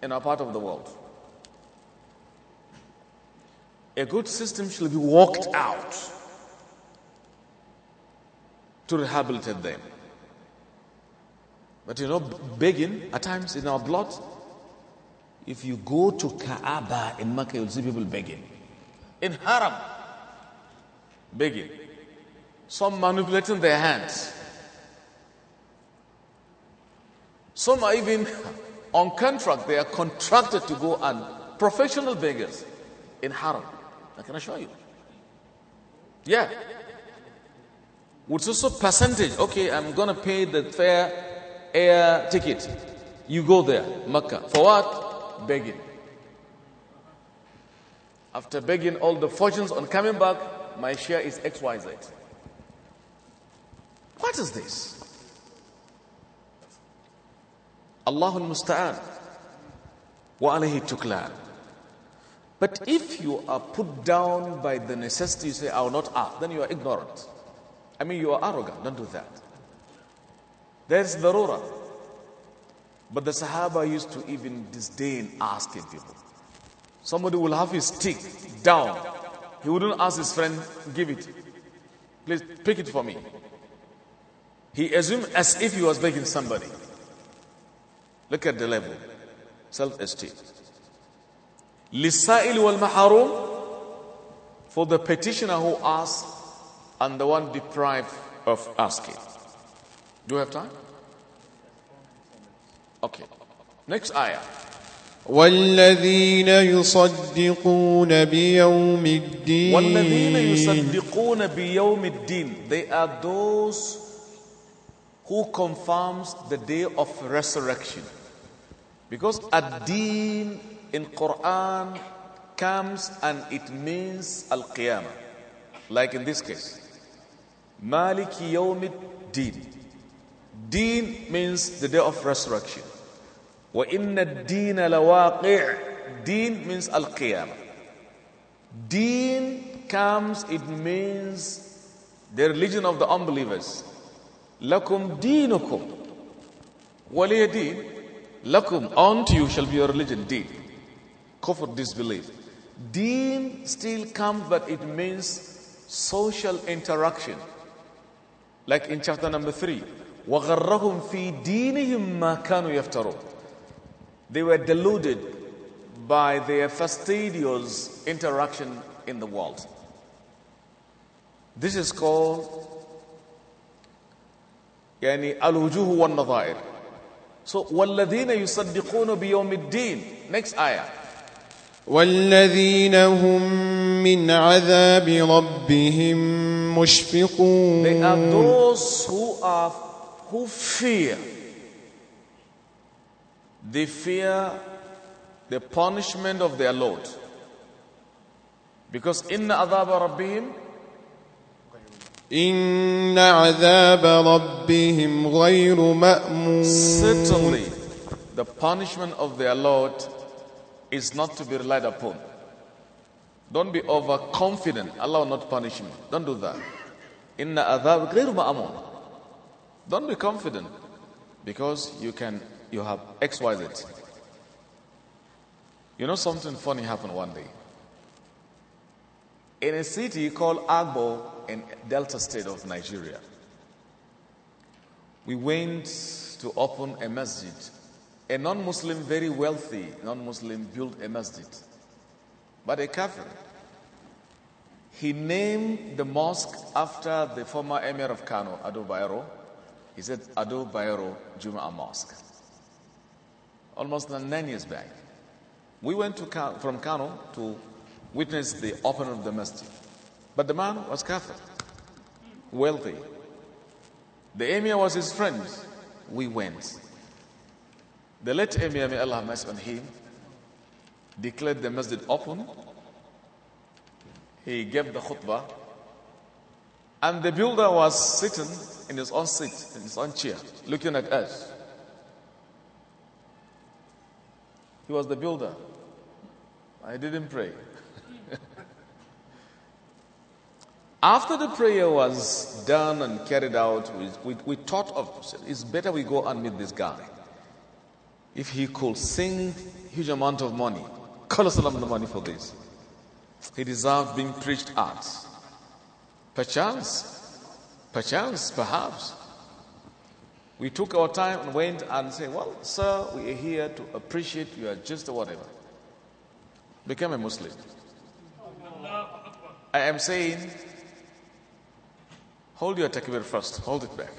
in our part of the world a good system shall be worked out to rehabilitate them. But you know, begging at times in our blood. If you go to Kaaba in Makkah, you'll see people begging. In Haram, begging. Some manipulating their hands. Some are even on contract. They are contracted to go and professional beggars in Haram. I can assure you. Yeah. What's also percentage. Okay, I'm going to pay the fair air ticket. You go there, Makkah. For what? Begging. After begging all the fortunes on coming back, my share is XYZ. What is this? Allahul Musta'an. وعليه tuklan. But if you are put down by the necessity, you say, I will not ask." then you are ignorant. I mean, you are arrogant. Don't do that. There's darura. But the Sahaba used to even disdain asking people. Somebody will have his stick down. He wouldn't ask his friend, give it. Please pick it for me. He assumed as if he was begging somebody. Look at the level self esteem. لِلسَّائِلِ وَالْمَحَرُومِ For the petitioner who asks and the one deprived of asking. Do we have time? Okay. Next ayah. والذين يصدقون بيوم الدين والذين يصدقون بيوم الدين They are those who confirms the day of resurrection. Because a deen in Quran comes and it means Al-Qiyamah. Like in this case, Maliki Yawmid Deen. Deen means the day of resurrection. وَإِنَّ الدِّينَ لَوَاقِعِ Deen means Al-Qiyamah. Deen comes, it means the religion of the unbelievers. لَكُمْ دِينُكُمْ وَلِيَ دِينُ Lakum, unto you shall be your religion, deen. Cover disbelief. Deen still comes, but it means social interaction. Like in chapter number three, وَغَرَّهُمْ فِي دِينِهِمْ مَا كَانُوا يَفْتَرُونَ They were deluded by their fastidious interaction in the world. This is called يعني الوجوه والنظائر. So وَالَّذِينَ يُصَدِّقُونَ بِيَوْمِ الدِّينِ Next ayah. والذين هم من عذاب ربهم مشفقون They are those who are who fear They fear the punishment of their Lord Because إن عذاب ربهم إن عذاب ربهم غير مأمون Certainly the punishment of their Lord is not to be relied upon. Don't be overconfident. Allah will not punish me. Don't do that. Inna adhab ghayr ma'amun. Don't be confident because you can you have XYZ. You know something funny happened one day. In a city called Agbo in Delta State of Nigeria, we went to open a masjid a non Muslim, very wealthy non Muslim, built a masjid, but a kafir. He named the mosque after the former emir of Kano, Ado Bayero. He said Ado Bayero Juma Mosque. Almost nine years back. We went to, from Kano to witness the opening of the masjid. But the man was kafir, wealthy. The emir was his friend. We went. The late Emir, may Allah have mercy on him, declared the masjid open. He gave the khutbah. And the builder was sitting in his own seat, in his own chair, looking at us. He was the builder. I didn't pray. After the prayer was done and carried out, we, we, we thought of it's better we go and meet this guy if he could sing huge amount of money, colossal amount of money for this, he deserved being preached at. Perchance, perchance, perhaps. We took our time and went and said, Well, sir, we are here to appreciate you are just whatever. Become a Muslim. I am saying, hold your takbir first, hold it back.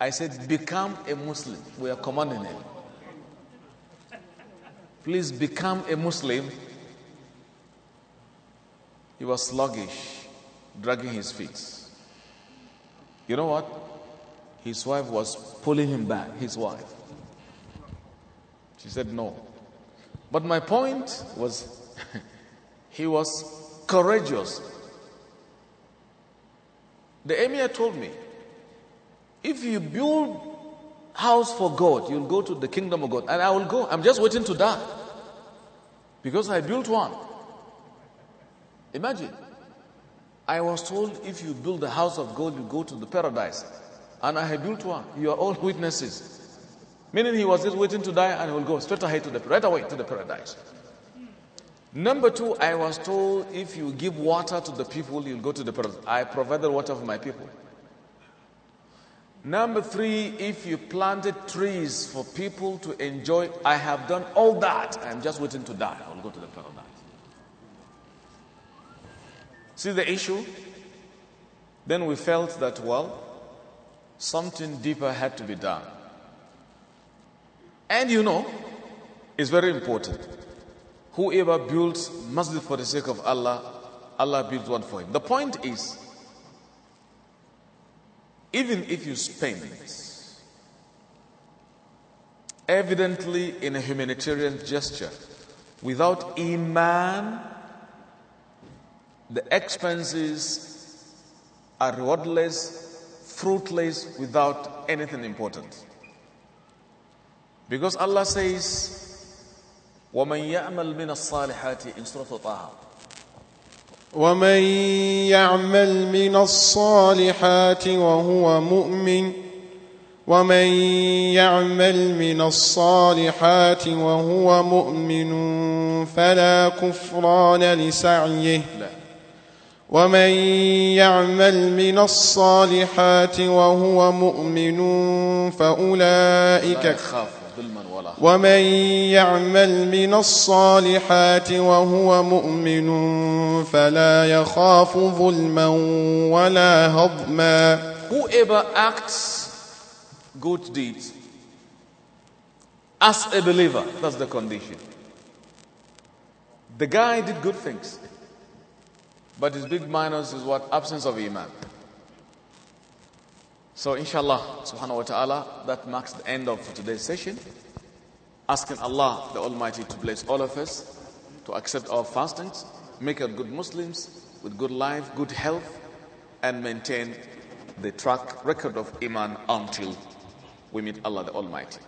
I said, become a Muslim. We are commanding him please become a Muslim, he was sluggish, dragging his feet. You know what? His wife was pulling him back, his wife. She said no. But my point was, he was courageous. The emir told me, if you build house for God, you'll go to the kingdom of God. And I will go. I'm just waiting to die. Because I built one. Imagine. I was told if you build the house of God, you go to the paradise. And I have built one. You are all witnesses. Meaning he was just waiting to die and he will go straight ahead to the right away to the paradise. Number two, I was told if you give water to the people, you'll go to the paradise. I provided water for my people. Number three, if you planted trees for people to enjoy, I have done all that. I am just waiting to die. I will go to the paradise. See the issue? Then we felt that, well, something deeper had to be done. And you know, it's very important. Whoever builds must be for the sake of Allah, Allah builds one for him. The point is, even if you spend evidently in a humanitarian gesture without iman the expenses are rewardless fruitless without anything important because allah says وَمَنْ يَعْمَلْ مِنَ الصَّالِحَاتِ in Surah taha ومن يعمل من الصالحات وهو مؤمن ومن يعمل من الصالحات وهو مؤمن فلا كفران لسعيه ومن يعمل من الصالحات وهو مؤمن فأولئك ومن يعمل من الصالحات وهو مؤمن فلا يخاف ظلما ولا هضما Whoever acts good deeds as a believer, that's the condition. The guy did good things, but his big minus is what? Absence of Iman. So, inshallah, subhanahu wa ta'ala, that marks the end of today's session. asking Allah the Almighty to bless all of us, to accept our fastings, make us good Muslims with good life, good health, and maintain the track record of Iman until we meet Allah the Almighty.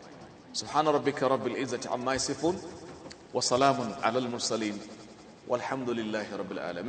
سبحان ربك رب العزة عما يصفون وسلام على المرسلين والحمد لله رب العالمين